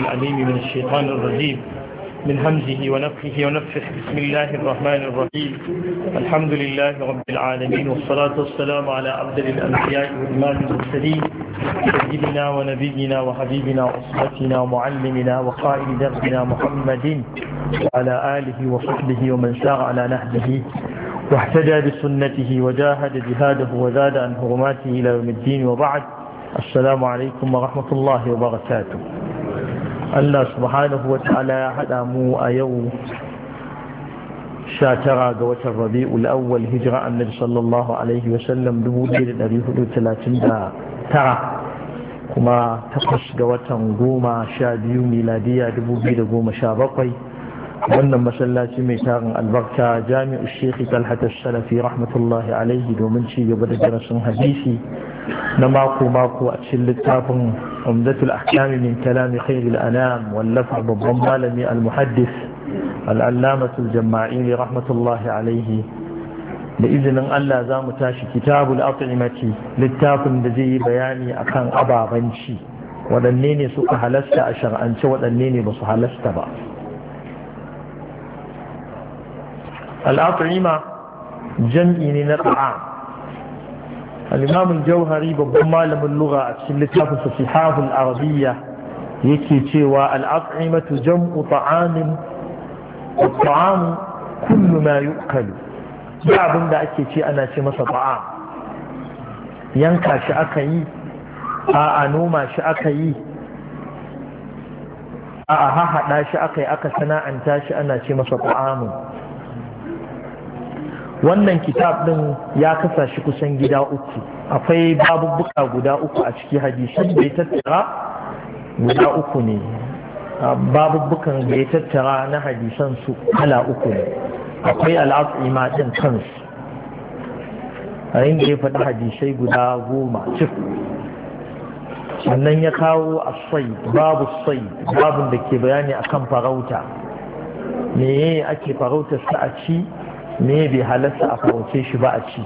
العليم من الشيطان الرجيم من همزه ونفخه ونفخ بسم الله الرحمن الرحيم الحمد لله رب العالمين والصلاة والسلام على عبد الأنبياء وإمام المرسلين سيدنا ونبينا وحبيبنا وأسرتنا ومعلمنا وقائد درسنا محمد وعلى آله وصحبه ومن سار على نهجه واحتجى بسنته وجاهد جهاده وزاد عن هرماته إلى يوم الدين وبعد السلام عليكم ورحمة الله وبركاته Allah subhanahu wa ta'ala ya haɗa mu a yau sha tara ga watan rabi'ul awwal hijira annabi sallallahu alaihi wasallam 1439 kuma takwas ga watan goma sha biyu miladiya 2017 wannan masallaci mai tarin albarka jami'u shekhi talhatar salafi rahmatullahi alaihi domin ci gaba da darasin hadisi na mako-mako a cikin littafin عمدة الأحكام من كلام خير الأنام واللفع بالضمالمي المحدث العلامة الجماعين رحمة الله عليه بإذن الله زام تاشي كتاب الأطعمة للتاف الذي بياني أكان أبا بنشي ولنيني سوء هلست أشر أنت ولنيني بص هلست بقى الأطعمة جمعيني نطعام al’imam jauhari babban malamin lura a cikin littafin su fi hafin arabiya yake cewa al’as’aimatu jam’u ta’amin ta’amu kullu na yi ƙalu abin da ake ce ana masa ta’a yanka shi aka yi a noma shi aka yi a a haɗa shi aka yi aka sana'anta shi ana ce masa ta’amun wannan kitab din ya kasa shi kusan gida uku akwai babubuka guda uku a ciki hadisi da ya tattara guda uku ne babubukan da ya tattara na hadisan su kala uku ne akwai al'azima din kansu a inda ya faɗi hadisai guda goma cif sannan ya kawo a sai babu sai babun da ke bayani akan farauta me ake farautar sa a ci me bai halatta a kawance shi ba a ci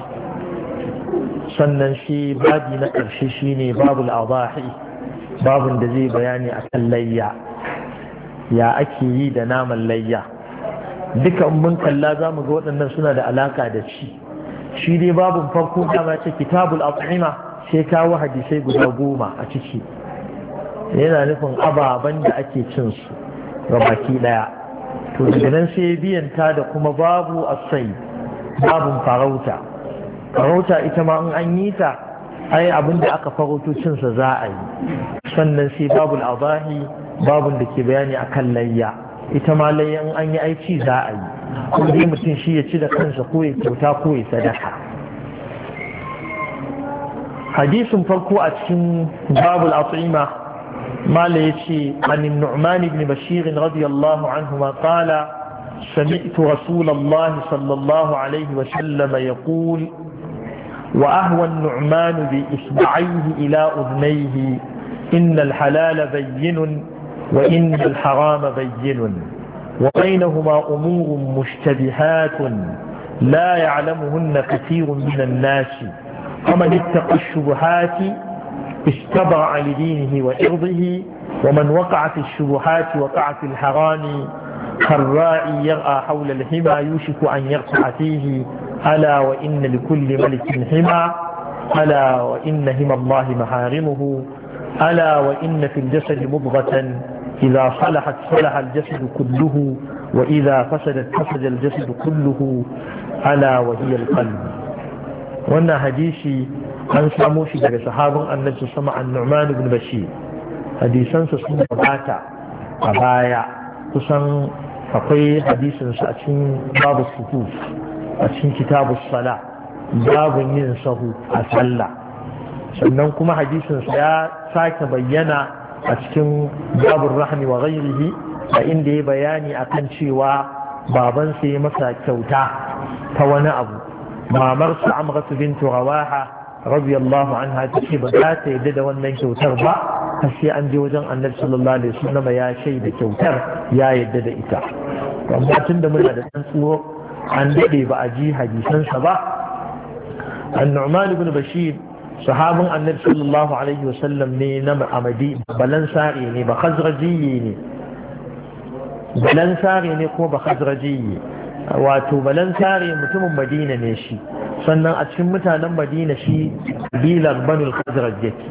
sannan shi babi na ƙarshe ne babul abahi babun da zai bayani a kan layya ya ake yi da naman layya duka mun kalla za mu ga waɗannan suna da alaka da ci shi dai babun farko dama ce kitabul at'ima sai kawo hadisai guda goma a ciki yana nufin ababen da ake cin su ga baki ɗaya to daga nan sai ta da kuma babu asai babun farauta farauta ita ma in an yi ta ai abin da aka farauto cinsa za a yi sannan sai babul abahi babun da ke bayani akan layya ita ma layya in an yi aici za a yi kuma dai mutum shi ya ci da kansa ko ya kyauta ko ya sadaka hadisin farko a cikin babul at'ima ما عن النعمان بن بشير رضي الله عنهما قال سمعت رسول الله صلى الله عليه وسلم يقول وأهوى النعمان بإصبعيه إلى أذنيه إن الحلال بين وإن الحرام بين وبينهما أمور مشتبهات لا يعلمهن كثير من الناس ومن اتقى الشبهات اشتبع لدينه وإرضه ومن وقع في الشبهات وقع في الحرام كالراعي يرأى حول الحمى يوشك أن يرفع فيه ألا وإن لكل ملك حمى ألا وإن هما الله محارمه ألا وإن في الجسد مضغة إذا صلحت صلح الجسد كله وإذا فسدت فسد الجسد كله ألا وهي القلب وأن حديثي an samu shi daga sahabin annabi sama annu'man ibn bashir hadisansa sun gabata a baya kusan akwai hadisinsa a cikin babu suhuf a cikin kitabu sala babu yin sahu a sallah sannan kuma hadisinsa ya sake bayyana a cikin babu rahmi wa ghairihi a inda ya bayani akan cewa babansa ya masa kyauta ta wani abu mamarsa amratu bintu rawaha radiyallahu anha ta ce ba za ta yadda da wannan kyautar ba har sai an je wajen annabi sallallahu alaihi wasallam ya shaida kyautar ya yadda da ita amma tun da muna da dan tsoro an dade ba a ji hadisansa ba annu'man ibn bashir sahabin annabi sallallahu alaihi wasallam ne na amadi balansari ne ba khazrajiyi ne balansari ne ko ba khazrajiyi wato balansari mutumin madina ne shi sannan a cikin mutanen madina shi bilan banul khazraj yake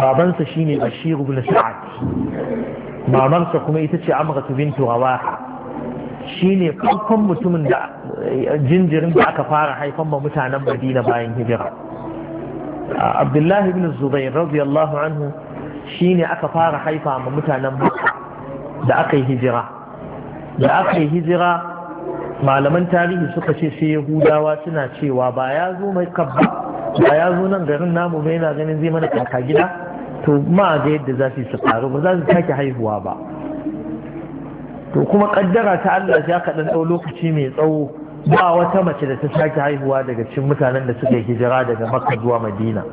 babansa shine bashir ibn sa'ad mamarsa kuma ita ce amratu bintu rawaha shine farkon mutumin da jinjirin da aka fara haifan ma mutanen madina bayan hijira abdullahi ibn zubair radiyallahu anhu shine aka fara haifa ma mutanen da aka yi hijira da aka yi hijira malaman tarihi suka ce sai yahudawa suna cewa ba ya zo mai kabba ba ya zo nan garin namu mai na ganin zai mana kaka gida to ma ga yadda za su yi ba za su take haihuwa ba to kuma kaddara ta Allah ya kaɗan ɗau lokaci mai tsawo ba wata mace da ta sake haihuwa daga cikin mutanen da suka hijira daga makka zuwa madina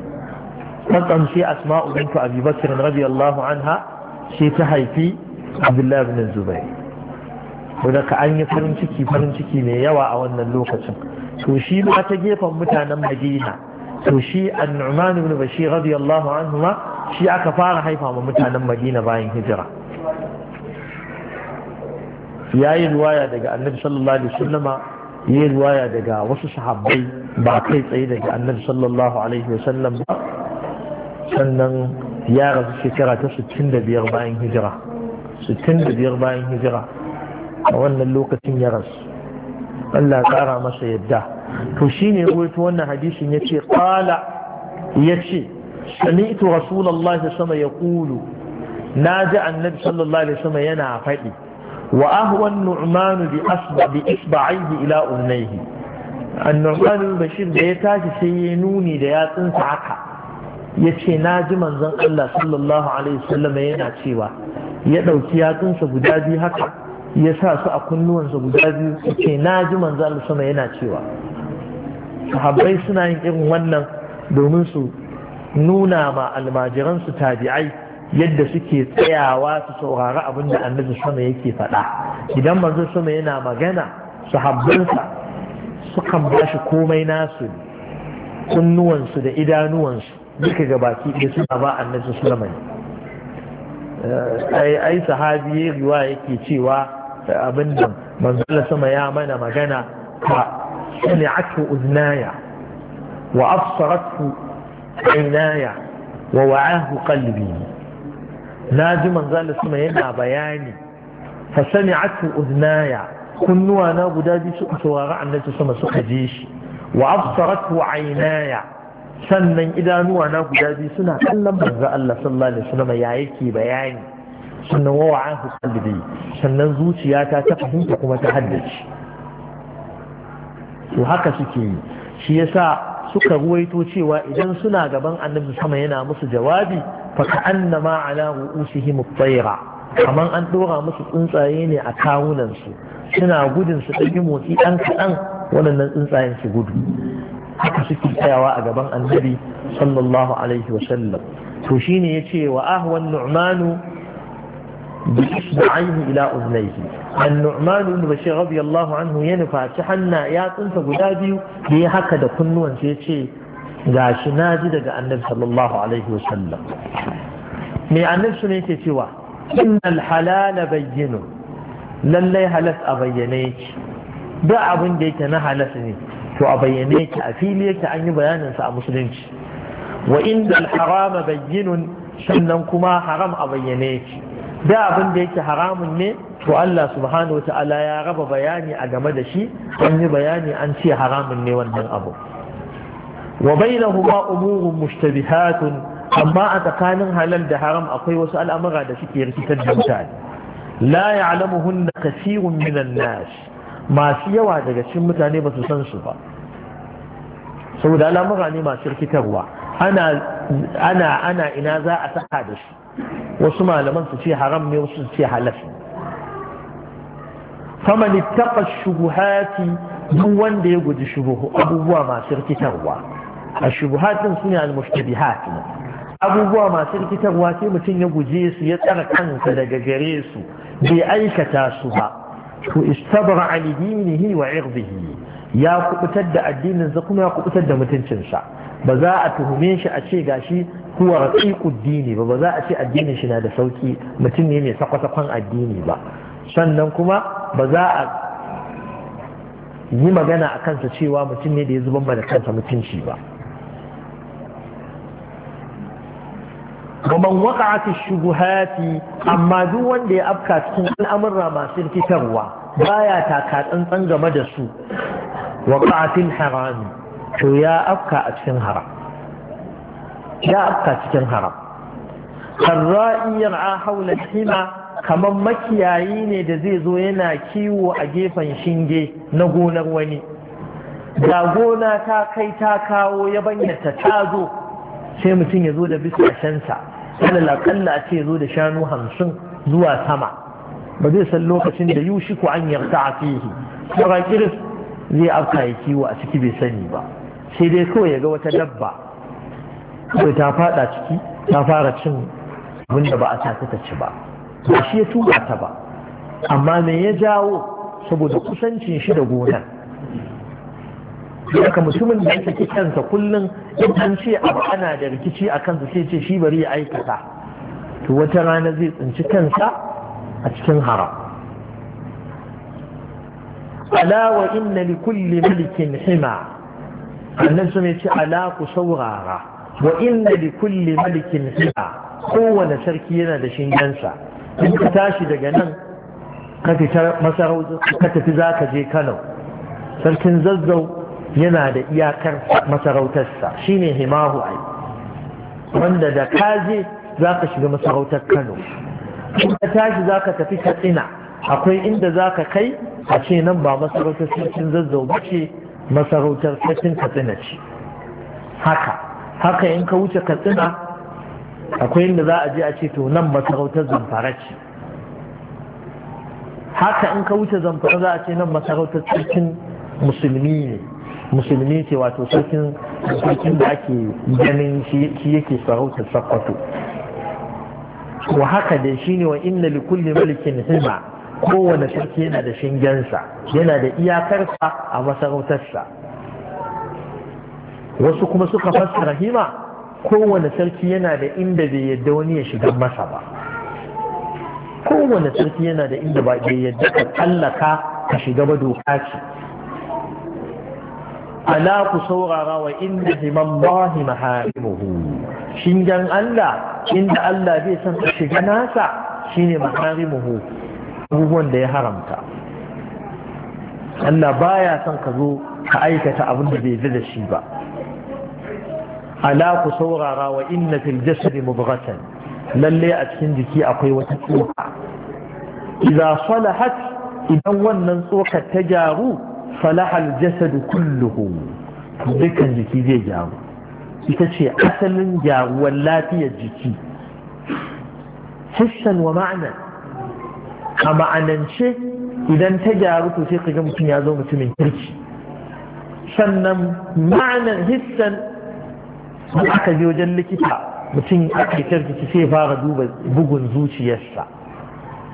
kan shi asma'u bintu abi bakr radiyallahu anha shi ta haifi abdullahi bin zubair ko ka an yi farin ciki farin ciki mai yawa a wannan lokacin to shi ma ta gefen mutanen madina to shi annuman ibn bashir radiyallahu anhu ma shi aka fara haifa ma mutanen madina bayan hijira yayi ruwaya daga annabi sallallahu alaihi wasallama yayi ruwaya daga wasu sahabbai ba kai tsaye daga annabi sallallahu alaihi wasallam ba sannan ya rasu shekara ta 65 bayan hijira 65 bayan hijira a wannan lokacin ya rasu Allah ƙara masa yadda to shine ruwaito wannan hadisin yace qala yace sami'tu rasulullahi sama ya kulu na ji annabi sallallahu alaihi wasallam yana faɗi wa ahwan an-nu'man bi asba bi isba'ihi ila unnayhi an-nu'man bashir da ya tashi sai ya nuni da yatsunsa haka yace na ji manzon Allah sallallahu alaihi wasallam yana cewa ya ɗauki yatsunsa guda biyu haka ya sa su a kunnuwansa guda biyu ce na ji manzo Allah sama yana cewa sahabbai suna yin irin wannan domin su nuna ma almajiran su tabi'ai yadda suke tsayawa su saurari abin da annabi sama yake faɗa idan manzo sama yana magana sahabbansa sukan ba shi komai nasu kunnuwansu da idanuwansu duka gabaki da suna ba annabi sallama eh, ai sahabi riwa yake cewa abin nan manzala sama ya mana magana ta sami'atu uznaya wa wa wa'ahu qalbi na ji manzala sama yana bayani fa sami'atu uznaya kunnuwa na guda biyu saurari annabi sama suka je shi wa absaratu ainaya sannan idanuwa na guda biyu suna kallon manzo Allah sallallahu alaihi wasallam ya yake bayani sannan wawa an husalbi sannan zuciyata ta fahimta kuma ta haddace to haka suke yi shi yasa suka ruwaito cewa idan suna gaban annabi sama yana musu jawabi fa ka'annama ala ru'usihim tayra kaman an dora musu tsuntsaye ne a kawunan su suna gudun su ɗauki motsi ɗan kaɗan waɗannan tsuntsayen su gudu haka suke tsayawa a gaban annabi sallallahu alaihi wa sallam to shine yace wa ahwan nu'manu بإصبعيه إلى أذنيه النعمان بن بشير رضي الله عنه ينفع تحنى يا تنسى قدابي لي هكذا كنوا شيء gashi na ji daga annabi sallallahu alaihi wasallam me annabi su yake cewa innal halala bayyinu lallai halas a bayyane yake duk abin da yake na halas ne to a bayyane a fili yake an yi bayanin sa a musulunci wa innal harama bayyinun sannan kuma haram a bayyane yake da abin da yake haramun ne to Allah subhanahu ta'ala ya raba bayani a game da shi an yi bayani an ce haramun ne wannan abu wa bainahuma umurun mushtabihatun amma a tsakanin halal da haram akwai wasu al'amura da suke rikitar da mutane la ya'lamuhunna kathirun minan nas masu yawa daga cikin mutane ba su san su ba saboda al'amura ne masu rikitarwa ana ana ina za a saka da shi wasu malaman su ce haram ne wasu su ce halal faman ittaqa shubuhati duk wanda ya guji shubuhu abubuwa masu rikitarwa a shubuhatin sune al-mushtabihat abubuwa masu rikitarwa sai mutum ya guje su ya tsara kansa daga gare su bai aikata su ba to istabra ali dinihi wa irdihi ya kubutar da addininsa kuma ya kubutar da mutuncinsa ba za a tuhume shi a ce gashi kuwa raqiqud dini ba ba za a ce addinin shi na da sauƙi, mutum ne mai sakwasakon addini ba sannan kuma ba za a yi magana a kansa cewa mutum ne da ya zuban da kansa mutunci ba ومن وقعت الشبهات أما دو وند يأبكى تكون الأمر ما سير baya بايا تاكات أنت أنجم دسو وقعت الحرام to ya afka a cikin haram ya afka cikin haram karra'i a haula hima kamar makiyayi ne da zai zo yana kiwo a gefen shinge na gonar wani da gona ta kai ta kawo ya banyata ta zo sai mutum ya zo da bisashensa alal akalla a ce zo da shanu hamsin zuwa sama ba zai san lokacin da yushiku an yarta a fihi zai afka ya kiwo a ciki bai sani ba sai dai kawai ya ga wata dabba kawai ta fada ciki ta fara cin abin ba a tafi ta ci ba ba shi ya tuba ta ba amma me ya jawo saboda kusancin shi da gonar haka mutumin da yake kansa kullum in an ce abu ana da rikici a kansa sai ce shi bari ya aikata to wata rana zai tsinci kansa a cikin haram ala wa inna li kulli malikin hima annan su ce ala ku saurara wa inna li kulli malikin hima kowane sarki yana da shingensa in ka tashi daga nan ka fita masarauta ka tafi za ka je kano sarkin zazzau yana da iyakar masarautarsa shine himahu ai wanda da kaje za ka shiga masarautar kano in ka tashi za ka tafi katsina akwai inda za ka kai a ce nan ba masarautar sarkin zazzau ba ce masarautar sarkin katsina ce haka haka in ka wuce katsina akwai inda za a je a ce to nan masarautar zamfara ce haka in ka wuce zamfara za a ce nan masarautar sarkin musulmi ne musulmi ce wato sarkin sarkin da ake ganin shi yake sarautar sakwato wa haka da shi ne wa inna likulli malikin hima kowane sarki yana da shingensa yana da iyakarsa a masarautarsa wasu kuma suka fassa rahima kowane sarki yana da inda bai yadda wani ya shiga masa ba kowane sarki yana da inda bai yadda ka tsallaka ka shiga ba doka ce ala ku saurara wa inda himan bahi maharimuhu shingen Allah inda Allah bai san ka shiga nasa shine maharimuhu abubuwan da ya haramta Allah baya son ka zo ka aikata abin da bai da shi ba ala ku saurara wa inna fil jasadi mubghatan lalle a cikin jiki akwai wata tsoka idza salahat idan wannan tsokar ta gyaru salahal jasadu kulluhu dukkan jiki zai gyaru ita ce asalin gyaruwar lafiyar jiki hissan wa ma'anar. a ma'anance idan ta gyaru to sai kaga mutum ya zo mutumin kirki sannan ma'anan hissan da aka je wajen likita mutum aka kirkici sai fara duba bugun zuciyarsa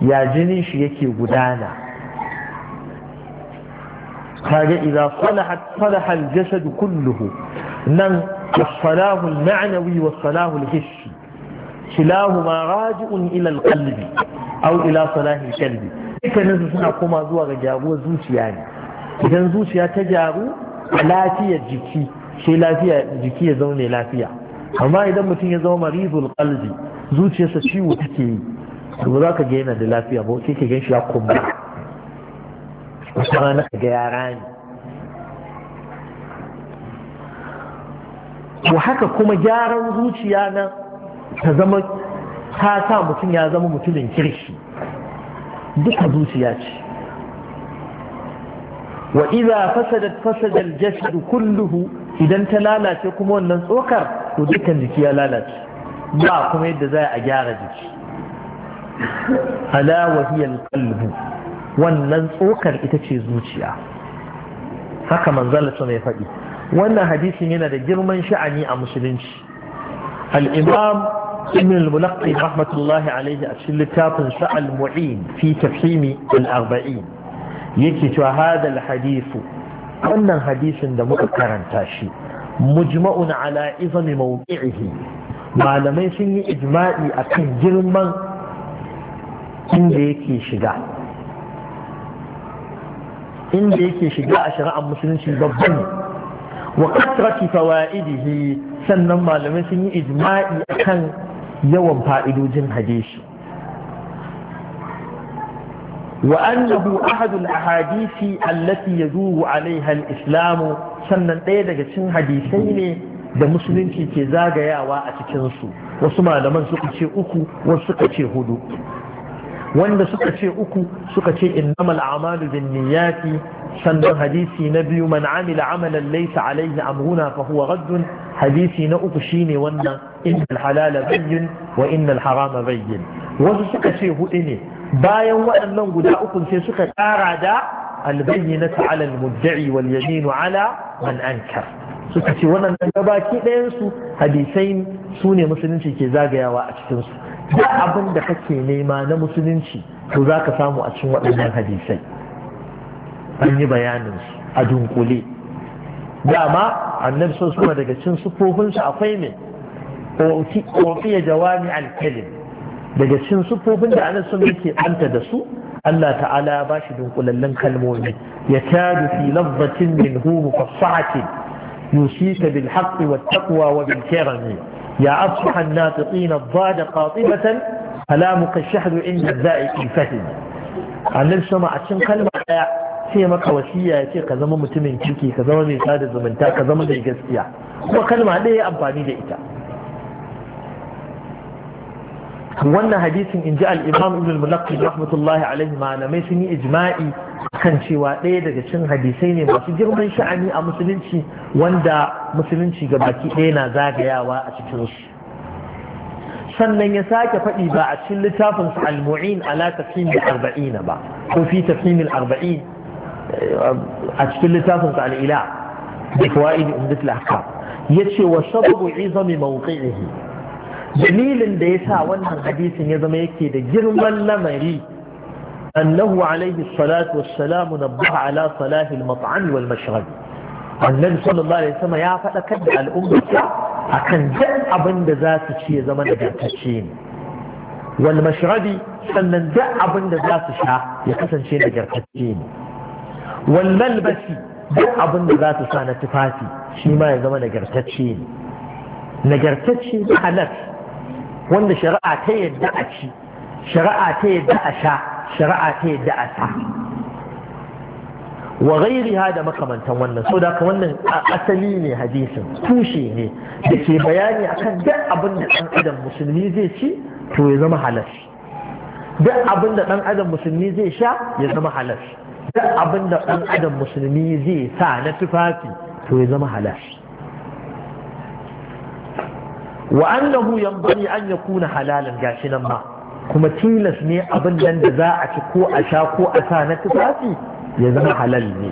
ya jinin shi yake gudana kaga idan salahat salaha al-jasad kulluhu nan as-salahu al-ma'nawi was-salahu al-hissi kilahuma raji'un ila al-qalbi aw ila salahi kalbi dukkanin su suna koma zuwa ga jaruwar zuciya ne idan zuciya ta jaru lafiyar jiki sai lafiya jiki ya zaune lafiya amma idan mutum ya zama maridul qalbi zuciyarsa ciwo take yi ba za ka ga yana da lafiya ba sai ka gan shi ya kuma kuma na ga yara ne to haka kuma gyaran zuciya na ta zama ta sa mutum ya zama mutumin kirki duka zuciya ce wa iza fasadat fasadal jasadu kulluhu idan ta lalace kuma wannan tsokar to dukkan jiki ya lalace ba kuma yadda za a gyara jiki ala wahiyal qalbu wannan tsokar ita ce zuciya haka manzala sama ya faɗi wannan hadisin yana da girman sha'ani a musulunci al-imam ibn al-mulaqqi rahmatullahi alayhi a cikin littafin sa al-mu'in fi tafhimi al-arba'in yake cewa hadal al wannan hadisin da muka karanta shi mujma'un ala izami mawqi'ihi malamai sun yi ijma'i akan girman inda yake shiga a shari'ar musulunci babban wa kasrati fawaidihi sannan malamai sun yi ijma'i akan yawan fa'idojin hadisi وأنه أحد الأحاديث التي يدور عليها islamu sannan ɗaya daga cikin hadisai ne da musulunci ke zagayawa a cikinsu wasu malaman suka ce uku wasu suka ce hudu wanda suka ce uku suka ce innamal amalu bin niyyati sannan hadisi na biyu man amila amalan laysa alayhi amruna fa huwa hadisi na uku shine wannan innal halala bayyin wa innal harama bayyin wasu suka ce hudu ne bayan waɗannan guda uku sai suka ƙara da albayyinatu ala almudda'i wal yaminu ala man ankar suka ce waɗannan gabaki ɗayan su hadisai su ne musulunci ke zagayawa a cikin su duk abin da kake nema na musulunci to zaka samu a cikin waɗannan hadisai an yi bayanin su a dunkule dama annabi sun suna daga cin sufofinsa akwai mai ƙofiya jawami alkalim daga cin sufofin da annabi sun yake ɓanta da su Allah ta'ala ba shi dunkulallen kalmomi ya kyadu fi lafzacin min hu mufassahatin yusika bil haqqi wat taqwa wa bil kirami يا أصبح الناطقين الضاد قاطبة كلامك الشهد عند الذائق الفتن عن نفسه ما أتشن كلمة sai maka wasiya ya ce ka zama mutumin ciki ka zama mai sada zumunta ka zama mai gaskiya kuma kalma ɗaya ya amfani da ita wannan hadisin in ji al'imam ibn mulaqi rahmatullahi alaihi malamai sun yi ijma'i kan cewa ɗaya daga cikin hadisai ne masu girman sha'ani a musulunci wanda musulunci ga baki ɗaya na zagayawa a cikin su sannan ya sake faɗi ba a cikin littafin al-mu'in ala tafhim arbaina ba ko fi tafhim arbain a cikin littafin sa al'ila da kuwa ibi umdut lahka ya ce wa sababu izo mai mawuƙi dalilin da ya sa wannan hadisin ya zama yake da girman lamari annahu alaihi salatu wassalamu na ba ala salahi al-mat'am wal annabi sallallahu alaihi wasallam ya fadakar da al'ummarsa akan duk abin da za su ci ya zama nagartacce ne wal mashrabi sannan duk abin da za su sha ya kasance nagartacce ni. Wallan basi duk abin da za su sa na tufafi shi ma ya zama nagartacce ne nagartacce da halal wanda shari'a ta yadda a ci shari'a ta yadda a sha shari'a ta yadda a sa wa ghairiha da makamantan wannan so da wannan asali ne hadisin tushe ne da ke bayani akan duk abin da ɗan adam musulmi zai ci to ya zama halal duk abin da ɗan adam musulmi zai sha ya zama halal duk abin da ɗan adam musulmi zai sa na tufafi to ya zama halal wa annahu yanbaghi an yakuna halalan gashi nan ma kuma tilas ne abin nan da za a ci ko a sha ko a sa na tufafi ya zama halal ne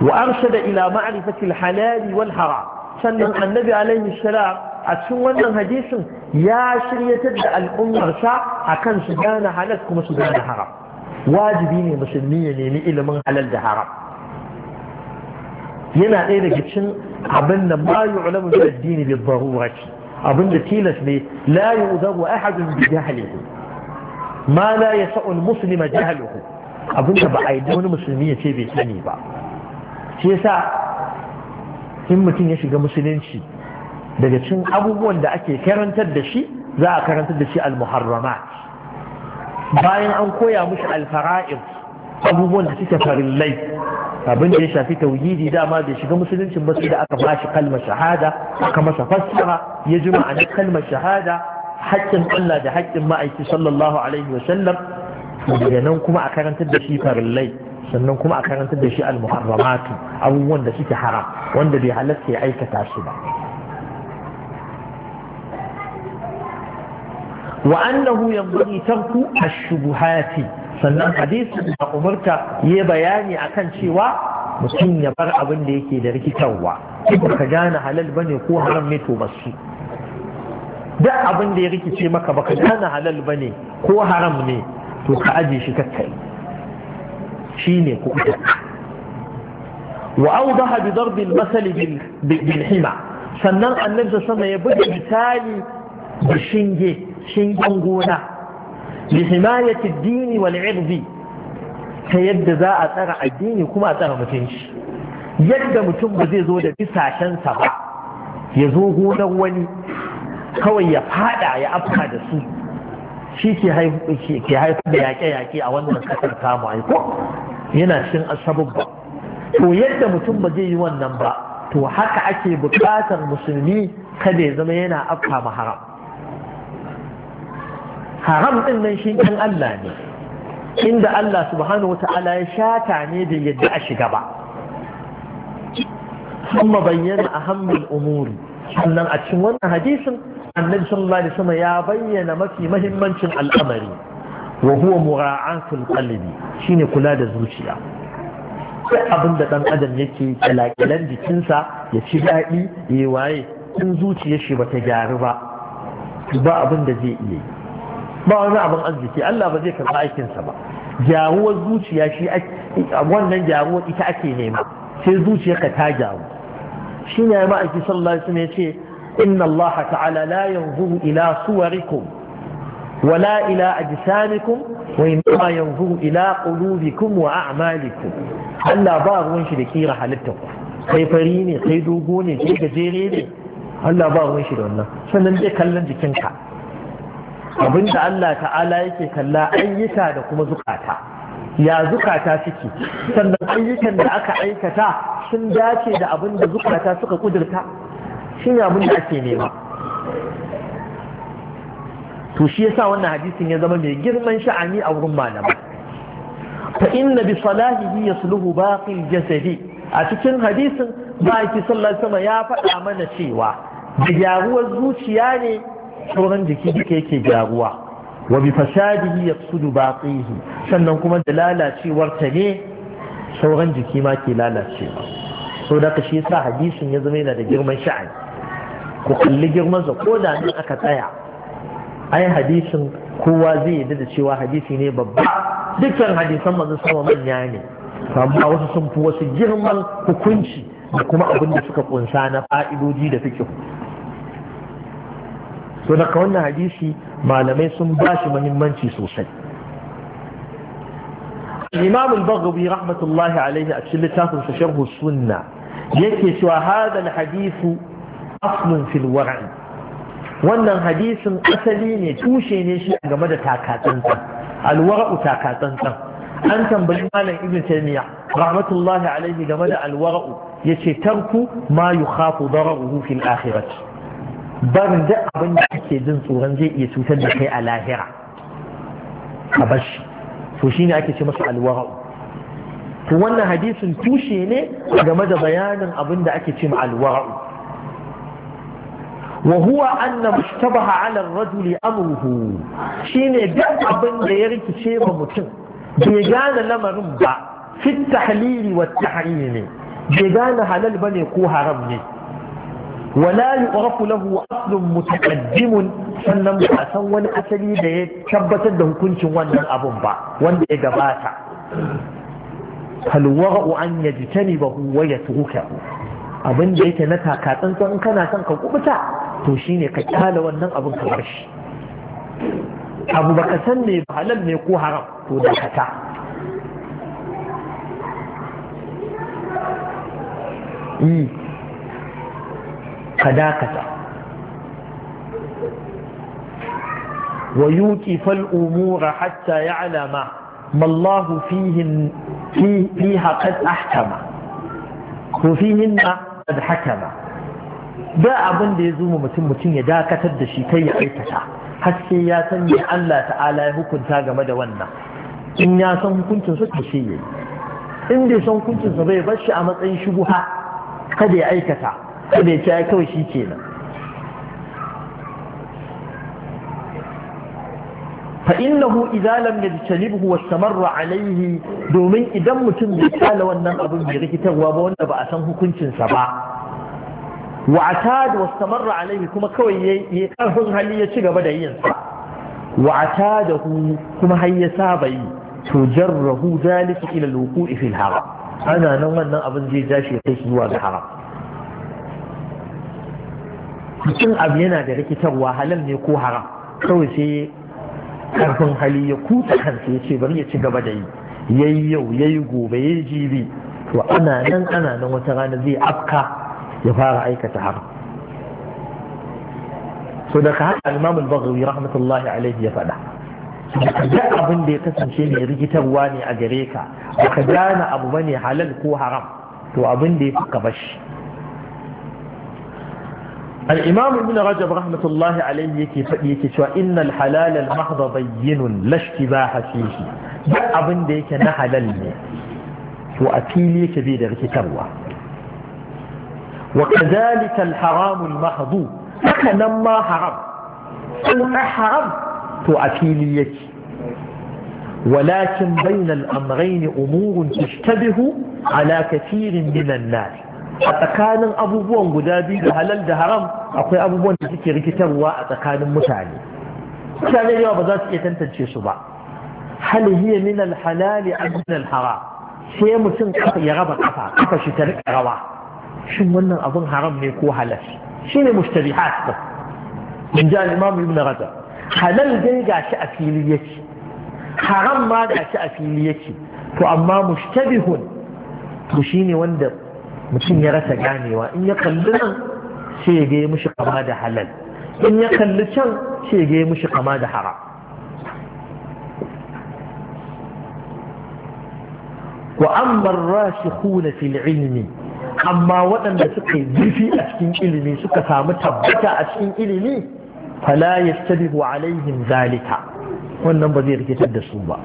wa arshada ila ma'rifati al wal haram sannan annabi alaihi salam a cikin wannan hadisin ya shiryatar da al'ummar sa akan su gane halal kuma su gane haram wajibi ne musulmi ya nemi ilimin halal da haram yana ɗaya daga cikin abin da ma yi ulama da addini bi darurati abin da tilas ne la yuzaru ahadun bi jahlihi ma la yasau al-muslima jahluhu abin da ba a yi wani musulmi ya ce bai sani ba shi yasa in mutum ya shiga musulunci daga cin abubuwan da ake karantar da shi za a karantar da shi al-muharramat bayan an koya mushi alfara'ir abubuwan da suke farillai abin da ya shafi tauhidi dama bai shiga musuluncin ba sai da aka bashi kalmar shahada aka masa fassara ya ji ma'anar kalmar shahada haƙƙin Allah da haƙƙin ma'aiki sallallahu alaihi wa sallam daga nan kuma a karantar da shi farillai sannan kuma a karantar da shi almuharramatu abubuwan da suke haram wanda bai halatta ya aikata su ba وأنه ينبغي ترك الشبهات sannan hadisin da umarta ya bayani akan cewa mutum ya bar abin da yake da rikitarwa ba ka gane halal bane ko haram ne to basu duk abin da ya rikice maka baka gane halal bane ko haram ne to ka aje shi kakkai shine ku wa awdaha bi darb al masal bil hima sannan annabi sama ya buga misali da shinge shingen gona bi himayati dini wal irdi ta yadda za a tsara addini kuma a tsara mutunci yadda mutum ba zai zo da bisashensa ba ya zo gonar wani kawai ya fada ya afka da su shi ke haifar da yaƙe-yaƙe a wannan ƙasar tamu aiko yana cin asabin ba to yadda mutum ba zai yi wannan ba to haka ake buƙatar musulmi kada ya zama yana afka haram haram ɗin nan shi kan Allah ne inda Allah subhanahu wa ta'ala ya shata ne da yadda a shiga ba kuma bayyana a hamlin umuri sannan a cikin wannan hadisin annabi sallallahu alaihi wasallam ya bayyana mafi mahimmancin al'amari wa huwa mura'atul qalbi shine kula da zuciya sai abin da dan adam yake kyalakilan jikinsa ya ci daɗi ya waye in zuciyar shi bata gyaru ba ba abin da zai iya yi ba wani abin arziki Allah ba zai karɓi aikinsa ba gyaruwar zuciya shi wannan gyaruwar ita ake nema sai ka ta gyaru shi ne ma'aiki sallallahu alaihi wasallam ce inna Allah ta'ala la yanzuru ila suwarikum la ila ajsamikum wa inma yanzuru ila qulubikum wa a'malikum Allah ba ruwan shi da kira halittar ku kai fari ne kai dogo ne kai gajere ne Allah ba ruwan shi da wannan sannan zai kallon jikinka abinda Allah ta'ala yake kalla ayyuka da kuma zukata ya zukata suke sannan ayyukan da aka aikata sun dace da abin da zukata suka kudurta shi ne abin da ake nema to shi yasa wannan hadisin ya zama mai girman sha'ani a wurin malamai fa inna bi salahihi yasluhu baqil jasadi a cikin hadisin baki ki sallallahu alaihi ya faɗa mana cewa da gyaruwar zuciya ne sauran jiki duka yake gyaruwa wa bi fashadihi yafsudu baqihi sannan kuma da lalacewar ta ne sauran jiki ma ke lalacewa so da shi yasa hadisin ya zama yana da girman sha'ani ku kalli girman sa ko da aka tsaya ai hadisin kowa zai yarda da cewa hadisi ne babba dukkan hadisan manzon sama manya ne amma wasu sun fi wasu girman hukunci da kuma abin da suka kunsa na fa'idoji da fikihu to daga wannan hadisi malamai sun ba shi muhimmanci sosai imam al-baghawi rahmatullahi alaihi a cikin littafin sa sharhu sunna yake cewa hada al-hadithu aslun fil war'i wannan hadisin asali ne tushe ne shi game da takatsantsan al takatsantsan an tambayi malam ibn taymiya rahmatullahi alaihi game da alwara'u yace tarku ma yukhafu dararuhu fil akhirati barin duk abin da kake jin tsoron zai iya cutar da kai a lahira a bashi to ne ake ce masa alwara'u to wannan hadisin tushe ne game da bayanin abin da ake ce alwara'u wa huwa anna mushtabaha ala rajuli amruhu shine duk abin da ya rikice ma mutum bai gane lamarin ba fi tahlili wa ne. bai gane halal bane ko haram ne ولا يعرف له أصل متقدم sannan ba a san wani asali da ya tabbatar da hukuncin wannan abun ba wanda ya gabata halwara'u an ya ji tani ba huwa ya tuhuka abin da yake na taka tsantsan in kana son ka kubuta to shine ka kyala wannan abin ka bar shi abu ba ka san ne ba halal ne ko haram to dakata Mm. ka dakata wa yuki fal umura hatta ya'lama ma Allah fihin fiha qad ahkama ko fihin qad hakama ya zo mutum mutum ya dakatar da shi kai ya aikata har ya san me Allah ta'ala ya hukunta game da wannan in ya san hukuncin san hukuncin bai bar shi a matsayin shubuha kada ya aikata kada ya kawai shi kenan fa innahu idza lam yajtanibhu wastamarra alayhi domin idan mutum bai kala wannan abin mai rikitarwa ba wanda ba a san hukuncinsa ba wa atad wastamarra alayhi kuma kawai ya karfin hali ya ci gaba da yin sa wa hu kuma har ya saba yi to jarrahu zalika ila alwuqu'i fil haram ana nan wannan abin zai ja shi kai zuwa ga haram cin abu yana da rikitarwa halal ne ko haram kawai sai karfin hali ya kuta kansa ya ce bari ya ci gaba da yi yayi yau yayi gobe yayi jibi to ana nan ana nan wata rana zai afka ya fara aikata haram so da ka haka al-baghawi rahmatullahi alaihi ya faɗa duk abin da ya kasance mai rikitarwa ne a gare ka ba ka gane abu bane halal ko haram to abin da ya fi ka bashi الإمام ابن رجب رحمة الله عليه يكي إن الحلال المحض بين لا اشتباه فيه دع أبن ديك نحلل وأتيلي كبير الكتروة وكذلك الحرام المحض فكنما حرام الحرام تؤتيلي ولكن بين الأمرين أمور تشتبه على كثير من الناس a tsakanin abubuwan guda biyu da halal da haram akwai abubuwan da suke rikitarwa a tsakanin mutane mutane yawa ba za su iya tantance su ba hal hiya min al halal an min al haram sai mutum kafa ya raba kafa kafa shi ta rika rawa shin wannan abun haram ne ko halal shine mushtabihat ba in ji al imam ibn rajab halal dai gashi a fili yake haram ma gashi a fili yake to amma mushtabihun to shine wanda mutum ya rasa ganewa in ya kalli nan sai ya mushi kama da halal in ya kalli can sai ya mushi kama da haram wa amma rasikhuna fil ilmi amma waɗanda suka yi zurfi a cikin ilimi suka samu tabbata a cikin ilimi fala yastabihu alaihim zalika wannan ba zai rikitar da su ba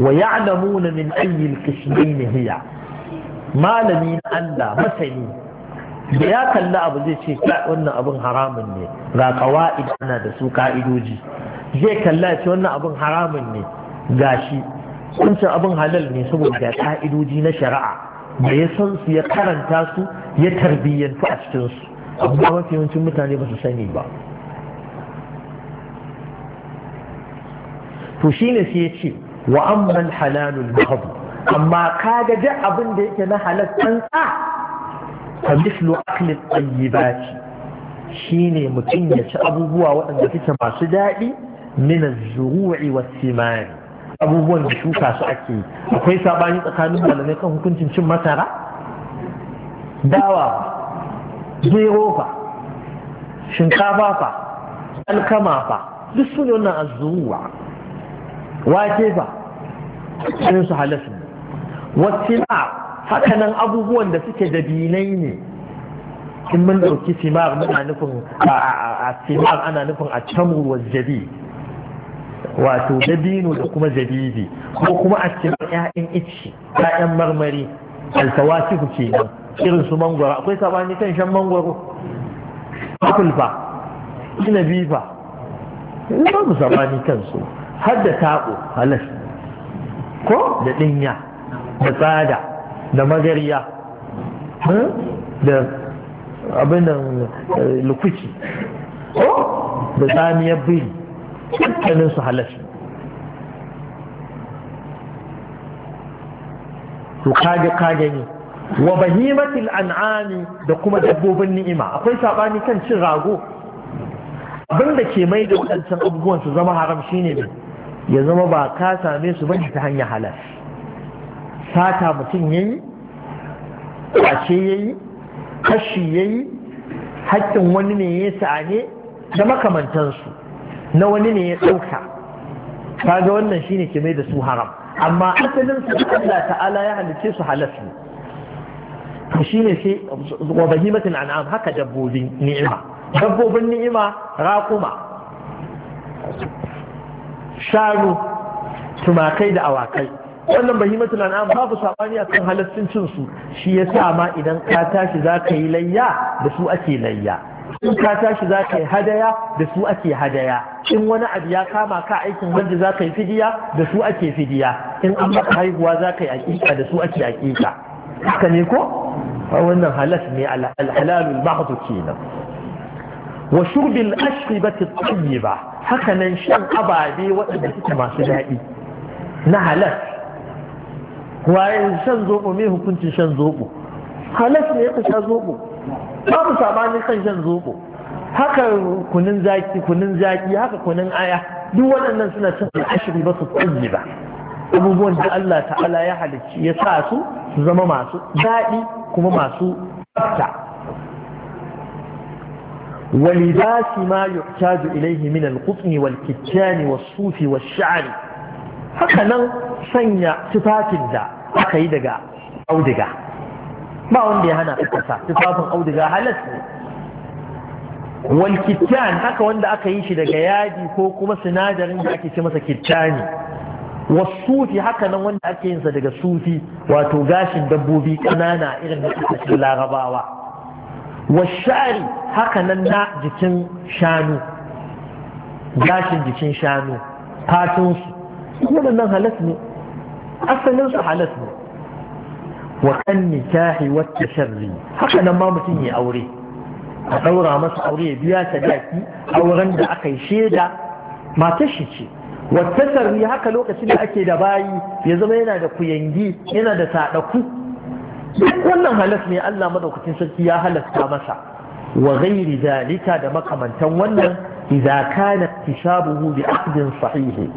wa ya'lamuna min ayyi qismayn hiya malami na Allah masani da ya kalli abu zai ce wannan abin haramun ne ga kawa'id ana da su ka'idoji zai kalla ce wannan abin haramun ne ga shi. kuncin abin halal ne saboda ga ka'idoji na shari'a da ya san su ya karanta su ya tarbiyyantu a cikin su amma mafi yawancin mutane ba su sani ba to shine sai ya ce wa amman halalul amma ka duk abin da yake na halattan sa fa mislu akli Shi shine mutum ya ci abubuwa waɗanda suke masu daɗi min zurui was-simani abubuwan da shuka su ake akwai sabani tsakanin malamai kan hukuncin cin masara dawa gero fa shinkafa fa alkama fa duk su ne wannan az wake fa sun su halasu wasila hakanan abubuwan da suke da ne in mun dauki simar muna nufin a simar ana nufin a camur wa jabi wato dabino da kuma jabibi ko kuma a simar 'ya'yan ici 'ya'yan marmari alfawasi ku kenan irin su mangwaro akwai sabani kan shan mangwaro apple ina inabi ina ba mu sabani kansu har da taɓo halas ko da ɗinya da tsada da magariya hmm? da abinan eh, lukuki da tsamiyar biri tattalin su halashi su kage kage ne wa bahimatil an'ami da kuma dabbobin ni'ima akwai sabani kan cin rago abinda ke mai da wadancan abubuwan su zama haram shine ne ya zama ba ka same su ba ta hanyar halal sata mutum yayi yi kwace ya kashi yayi yi haƙƙin wani ne ya ne da makamantansu na wani ne ya ɗauka kaga wannan shine ke mai da su haram amma asalin su Allah ta'ala ya halice su halas ne to shine sai wa bahimatin an'am haka dabbobin ni'ima dabbobin ni'ima raquma shanu tumakai da awakai wannan bahimatul an'am babu sabani akan halaccin cin su shi yasa ma idan ka tashi ka yi layya da su ake layya in ka tashi ka yi hadaya da su ake hadaya in wani abu ya kama ka aikin za ka yi fidiya da su ake fidiya in an maka haihuwa ka yi aƙiƙa da su ake aƙiƙa haka ne ko wannan halas ne alhalalul mahdu kenan wa shurbil ashribati tayyiba haka nan shan ababe waɗanda suke masu daɗi na halas waye shan zoɓo mai hukuncin shan zoɓo halas ne ka sha zoɓo babu sabanin kan shan zoɓo haka kunun zaki kunun zaki haka kunun aya duk waɗannan suna cin ashiri ba su tsaji ba abubuwan da Allah ta'ala ya halicci ya sa su su zama masu daɗi kuma masu tsafta ولباس ما يحتاج إليه من القطن والكتان والصوف والشعر haka nan sanya tufafin da aka yi daga auduga ba wanda ya hana ƙasa tufafin auduga halas ne wal kittan haka wanda aka yi shi daga yadi ko kuma sinadarin da ake ce masa kittani wasufi haka nan wanda ake yinsa daga sufi wato gashin dabbobi ƙanana irin na ƙasashen larabawa washari haka nan na jikin shanu gashin jikin shanu fatinsu waɗannan halas ne asalin su halas ne wa kan nikahi wa sharri haka nan ma mutum ya aure a daura masa aure ya biya sadaki auren da aka yi shaida matar shi ce Wata tasharri haka lokacin da ake da bayi ya zama yana da kuyangi yana da sadaku duk wannan halas ne Allah madaukakin sarki ya halasta masa wa ghairi zalika da makamantan wannan idza kana iktishabuhu bi aqdin sahihi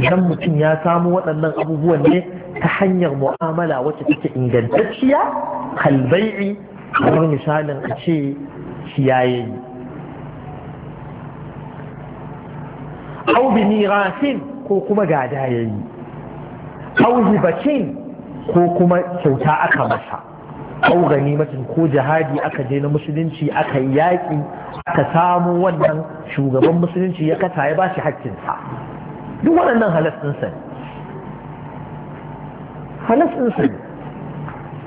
idan mutum ya samu waɗannan abubuwan ne ta hanyar mu'amala wacce take ingantacciya kalbai'i kamar misalin a ce ciyaye au bi mirasin ko kuma gada yi, au hibatin ko kuma kyauta aka masa au ganimatin ko jihadi aka je na musulunci aka yi yaƙi aka samu wannan shugaban musulunci ya kasa ya ba shi haƙƙinsa duk waɗannan halassinsa ne halassinsa ne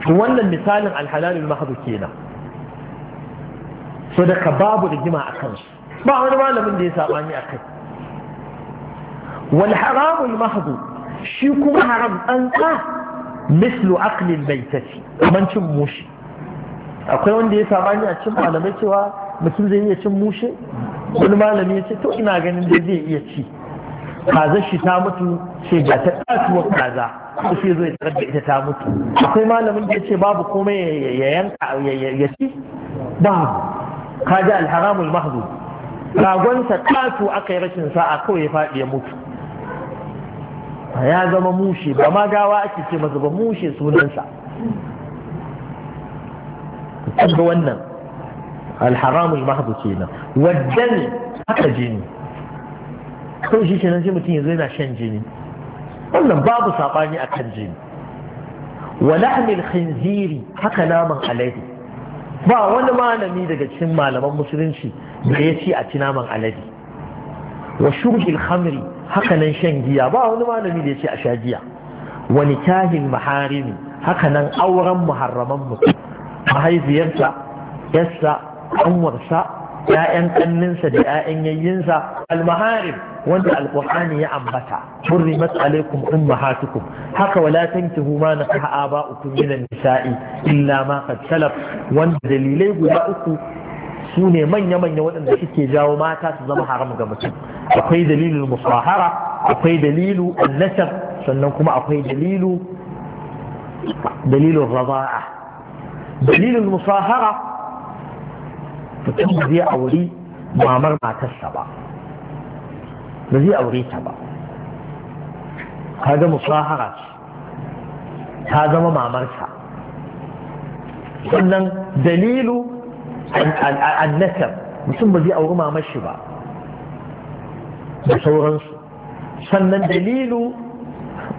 to wannan misalin alhalalul mahadu kenan so daga babu rigima a kansu ba wani malamin da ya saɓani a kai wani haramun mahadu shi kuma haram an ka mislu aklin bai tafi cin mushi akwai wanda ya sabani a cin malamai cewa mutum zai iya cin mushe wani malami ya ce to ina ganin da zai iya ci kaza shi ta mutu sai ga ta kaza ko sai zai tarar da ita ta mutu akwai malamin da ce babu komai ya yanka ya ci babu kaji alharamul mahdu ragonsa kasu aka yi rashin sa'a kawai ya faɗi ya mutu ya zama mushe ba ma gawa ake ce masa ba mushe sunansa ga wannan alharamul mahdu kenan waddan haka jini kawai shi kenan sai mutum yanzu yana shan jini wannan babu saɓani a kan jini wa lahmil khinziri haka naman alade ba wani malami daga cikin malaman musulunci da ya ci a ci naman alade wa shurbil khamri haka nan shan giya ba wani malami da ya ci a sha giya wa nikahin maharimi haka nan auren muharraman mutum mahaifiyarsa yarsa anwarsa. ya'yan kanninsa da ya'yan yayyinsa almaharib wanda alƙur'ani ya ambata hurrimat alaikum ummahatukum haka wala tankihu ma nakaha aba'ukum min an-nisa'i illa ma qad salaf wanda dalilai guda uku su ne manya-manya waɗanda suke jawo mata su zama haram ga mutum akwai dalilin musahara akwai dalilu annashar sannan kuma akwai dalilu dalilin raza'a dalilin musahara mutum ba zai auri mamar matarsa ba ba zai aure ta ba kaga musahara ce ta zama mamarsa sannan dalilu annasar mutum ba zai auri mamar shi ba da sauransu sannan dalilu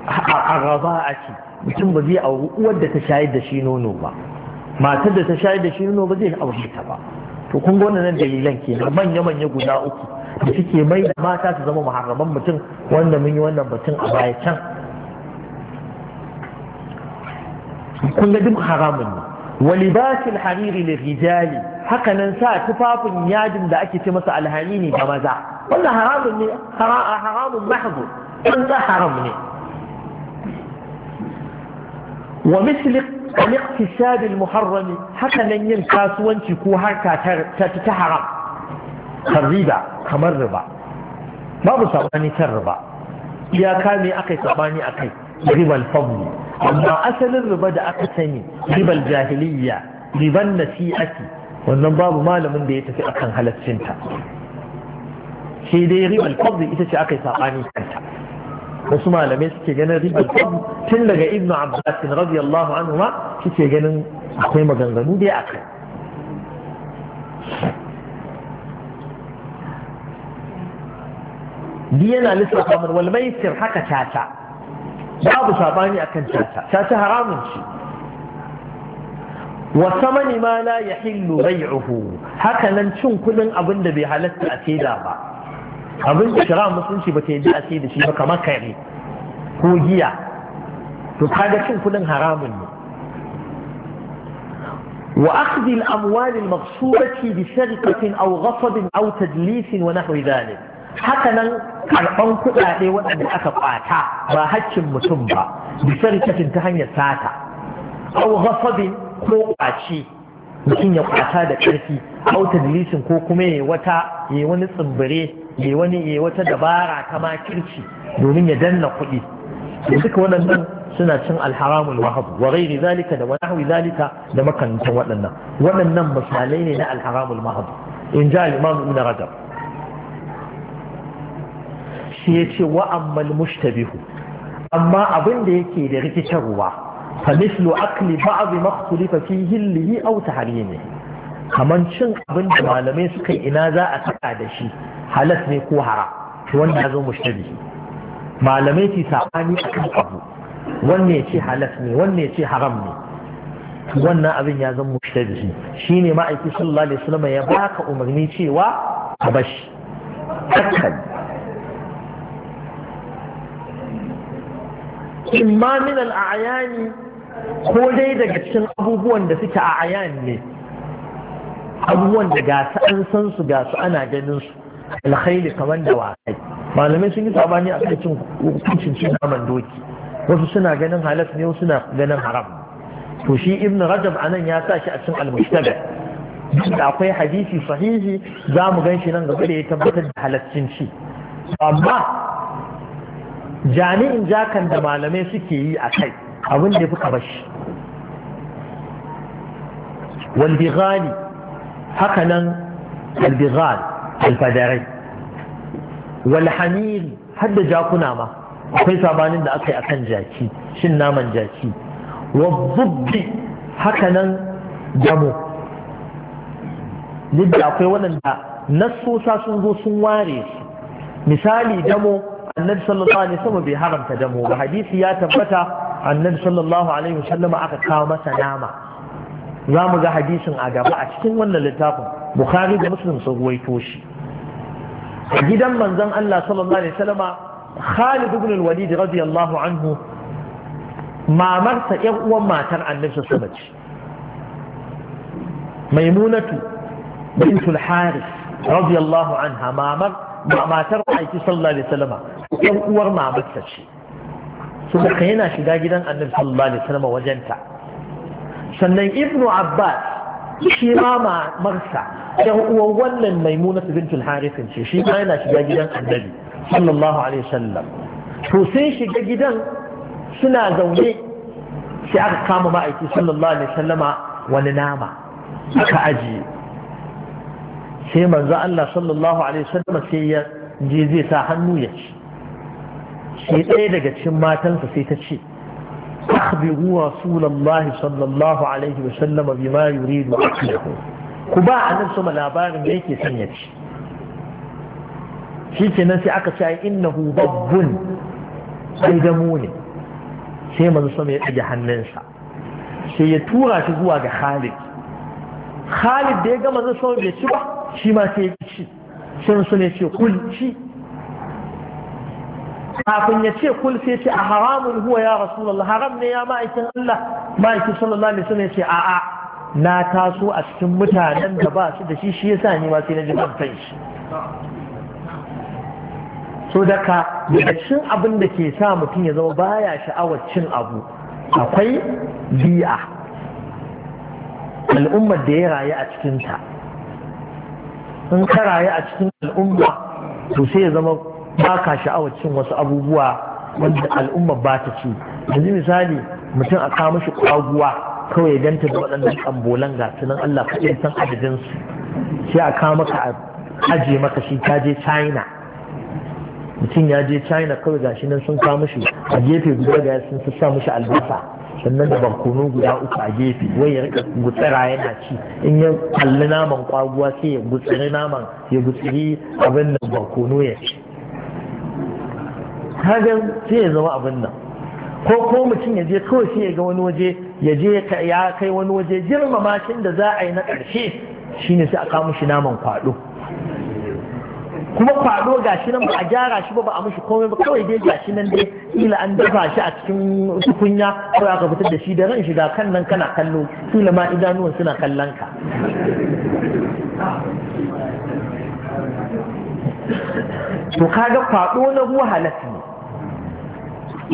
a gaba a ce mutum ba zai auri uwar da ta shayar da shi nono ba matar da ta shayar da shi nono ba zai aure ta ba to kun ga nan dalilan kenan manya-manya guda uku da suke mai da mata su zama muharraman mutum wanda mun yi wannan batun a baya can kun ga duk haramun ne walibasil hariri lil rijali haka nan sa tufafin yadin da ake ce masa alhari ga maza wannan haramun ne haramun mahdu an haram ne wa misli an iqtisabil muharrami haka nan yin kasuwanci ko harka ta haram kan riba kamar riba babu sabani kan riba iyaka ne akai sabani akai ribal fadli amma asalin riba da aka sani ribar jahiliya riban nasi'ati wannan babu malamin da ya tafi akan halaccinta sai dai ribal fadli ita ce akai sabani kanta wasu malamai suke ganin riba tun daga ibnu abbas radiyallahu anhu ma suke ganin akwai maganganu dai akai duk yana lissafa min wal maisir haka tata babu sabani akan tata caca haramun shi. wa samani ma la yahillu bai'uhu haka nan cin kudin abin da bai halatta a saida ba abin da shari'a musulunci ba ta yi a sai da shi ba kamar kare ko giya to kaga cin kudin haramun ne wa akhdhi al-amwal al-maghsurati bi sharqatin aw ghasabin aw tadlis wa nahwi dhalik haka nan karban kudade waɗanda aka kwata ba haƙƙin mutum ba bi sharqatin ta hanyar sata aw ghasabin ko kwaci mutum ya kwata da ƙarfi Auta tadlisin ko kuma ya wata ya wani tsimbire ya wani ya wata dabara ta makirci domin ya danna kuɗi da duka waɗannan suna cin alharamul wahabu wa ghairi zalika da wani hawi zalika da makarantar waɗannan waɗannan misalai ne na alharamul wahabu in ja al-imam ibn rajab shi yace wa ammal mushtabihu amma abin da yake da rikitarwa fa mislu akli ba'd ma ikhtalifa fihi lihi aw tahrimihi kamar cin abin da malamai suka ina za a saka da shi halas ne ko hara to wanda ya zo mushtabi malamai su sabani a kan abu wanne ce halas ne wanne ce haram ne wannan abin ya zama mushtabi shine ma'aiki sallallahu alaihi wasallam ya baka umarni cewa a bashi takkali imma min al'ayani ko dai daga cikin abubuwan da suke a ayani ne abubuwan da gasa an san su gasu ana ganin su alkhairi kamar da wakai malamai sun yi sabani a kan cin hukuncin cin naman doki wasu suna ganin halas ne wasu suna ganin haram to shi ibnu rajab anan ya sa shi a cin da akwai hadisi sahihi za mu gan shi nan gaba da ya tabbatar da halaccin ci amma jami'in jakan da malamai suke yi a kai abin da ya fi kabashi wal gani. Hakanan nan alfadarai wal har da jakuna ma akwai sabanin da aka yi akan jaki shin naman jaki wa zubbi haka nan damo da akwai waɗanda nassosa sun zo sun ware su misali damo annabi sallallahu alaihi wasallam bai haramta damo ba hadisi ya tabbata annabi sallallahu alaihi wasallam aka kawo masa nama za mu ga hadisin a gaba a cikin wannan littafin bukhari da muslim sun ruwaito shi a gidan manzon Allah sallallahu alaihi wasallama Khalid ibn al-Walid radiyallahu anhu mamarsa ƴan uwan matar annabi sallallahu alaihi maimunatu bintul harith radiyallahu anha mamar matar aiki sallallahu alaihi wasallama ƴan uwar mamarsa ce saboda yana shiga gidan annabi sallallahu alaihi wasallama wajenta sannan ibnu abbas shi ma marsa yan uwan wannan maimuna bintul harisin ce shi ma yana shiga gidan annabi sallallahu alaihi wasallam to sun shiga gidan suna zaune sai aka kama ma'aiki sallallahu alaihi wasallama wani nama aka ajiye sai manzo Allah sallallahu alaihi wasallama sai ya je zai sa hannu ya ci sai ɗaya daga cikin matansa sai ta ce أخبروا رسول الله صلى الله عليه وسلم بما يريد أكله كباع نفسه الأبار ليك يسنيتش شيك نسي أكشاي إنه ضب سيدموني sai manzo sama ya ɗage hannunsa sai ya tura shi zuwa ga Khalid Khalid da ya gama zai sama bai ci ba shi ma sai ya ci sun su ne ce kul ci kafin ya ce kul sai ce a haramun huwa ya rasulullah haram ne ya ma'aikin Allah ma'aikin sallallahu alaihi wasallam ce a'a na taso a cikin mutanen da ba su da shi shi yasa ni ma sai na ji ban shi so daga daga cin abin da ke sa mutum ya zama baya sha'awar cin abu akwai bi'a al'ummar da ya rayu a cikinta in ka rayu a cikin al'umma to sai ya zama ba ka sha'awar cin wasu abubuwa wanda al'umma ba ta ci yanzu misali mutum a kawo mashi kwaguwa kawai ya danta da waɗannan kambolan ga tunan Allah kaɗai san adadin sai a kawo maka a aje maka shi ta je China mutum ya je China kawai gashi nan sun kawo mashi a gefe guda ga sun sa mashi albasa sannan da barkono guda uku a gefe wai ya rika gutsira yana ci in ya kalli naman kwaguwa sai ya gutsiri naman ya gutsiri abin da barkono ya ci kagan sai ya zama abin nan ko ko mutum ya je kawai sai ya ga wani waje ya je ya kai wani waje girmama da za a yi na ƙarshe shine sai a kawo mishi naman kwaɗo kuma kwaɗo ga shi nan ba a gyara shi ba ba a mishi komai ba kawai dai ga shi nan dai kila an dafa shi a cikin tukunya ko aka fitar da shi da ran shiga kan nan kana kallo kila ma idanuwan suna kallon ka to kaga kwaɗo na ruwa halatta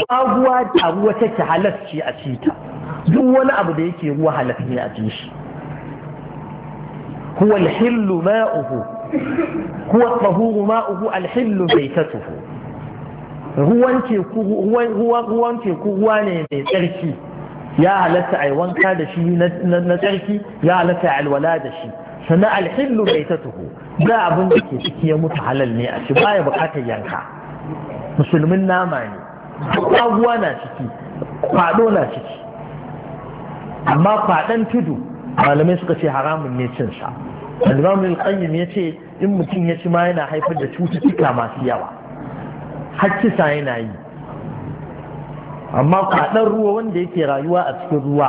aguwa da ruwa take halarci a cikin duk wani abu da yake ruwa halarci a ci shi huwa alhillu ma'uhu huwa tahuru ma'uhu alhillu bai ta teku ruwan teku ruwa ne mai tsarki ya halarta a yi wanka da shi na tsarki ya halarta a alwala da shi sannan alhillu tuhu da abin da ke ciki ya mutu halal ne a shi baya bukatar yanka musulmin nama ne abuwa na ciki fado na ciki amma fadan tudu malamai suka ce haramun ne cin sa al-imam ya ce in mutum ya ci ma yana haifar da cututtuka masu yawa har yana yi amma fadan ruwa wanda yake rayuwa a cikin ruwa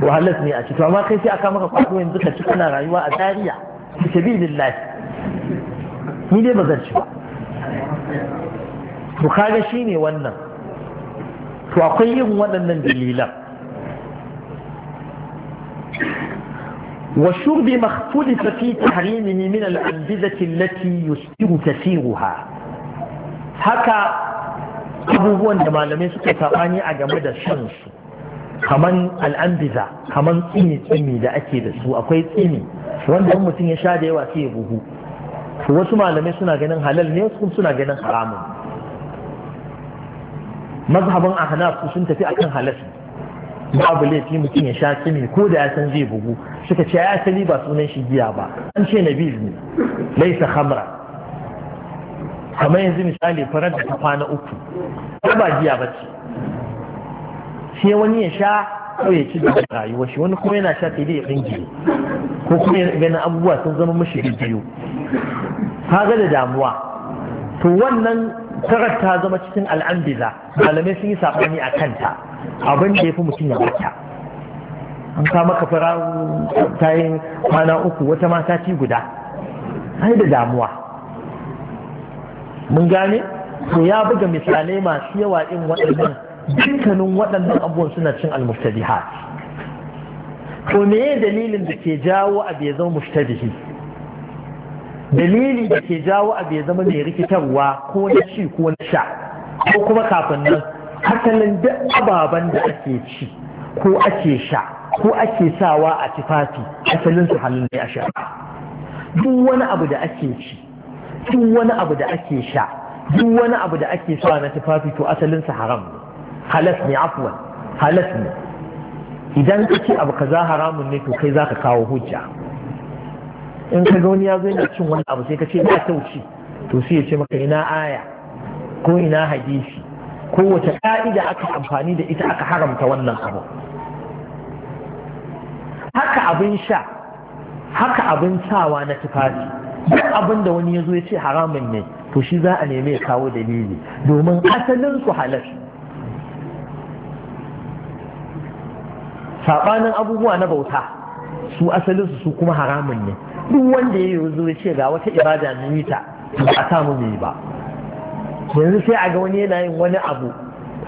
to halas ne a ciki amma kai sai aka maka kwaɗo yanzu ka ci kana rayuwa a dariya bi sabilillah ni dai bazan ci ba to kaga shine wannan to akwai yin waɗannan dalilan والشرب ما اختلف في تحريمه من الأنبذة التي يسكر كثيرها هكا abubuwan da malamai suka saɓani a game da shansu, su kaman al'ambiza tsini-tsini da ake da su akwai tsini wanda mutum ya sha da yawa sai ya buhu wasu malamai suna ganin halal ne wasu suna ganin haramun mazhabin ahnaf sun tafi akan halasi babu laifi mutum ya sha kimi ko da ya san zai bugu suka ce ya sani ba sunan shi giya ba an ce nabi ne laisa khamra kamar yanzu misali farar da ta kwana uku ko ba giya ba ce sai wani ya sha ko ya ci da rayuwar shi wani kuma yana sha sai dai ya tsingiye ko kuma yana ganin abubuwa sun zama mashi biyu ga da damuwa to wannan karar ta zama cikin al'ambiza malamai sun yi saɓani a kanta abin da ya fi mutum ya bata an kama ka fara tayin kwana uku wata mata ci guda ai da damuwa mun gane to ya buga misalai masu yawa in waɗannan dukkanin waɗannan abubuwan suna cin almustabihat to me dalilin da ke jawo abu ya zama mustadihi dalili da ke jawo abu ya zama mai rikitarwa ko na ci ko na sha ko kuma kafin nan hakanan duk ababen da ake ci ko ake sha ko ake sawa a tufafi asalin su halin ne a sha duk wani abu da ake ci duk wani abu da ake sha duk wani abu da ake sawa na tufafi to asalin su haram halas ne afwan halas ne idan ka ce abu kaza haramun ne to kai zaka kawo hujja in ka ga wani ya zo yana cin wani abu sai ka ce ba tauci to sai ya ce maka ina aya ko ina hadisi ko wace ka'ida aka amfani da ita aka haramta wannan abu haka abin sha haka abin sawa na tufafi duk abin da wani ya zo ya ce haramun ne to shi za a nemi ya kawo dalili domin asalin su halar. Saɓanin abubuwa na bauta su asalinsu su kuma haramun ne duk wanda ya yi zuwa ya ce ga wata ibada na yi ta a samu mai ba yanzu sai a ga wani yana yin wani abu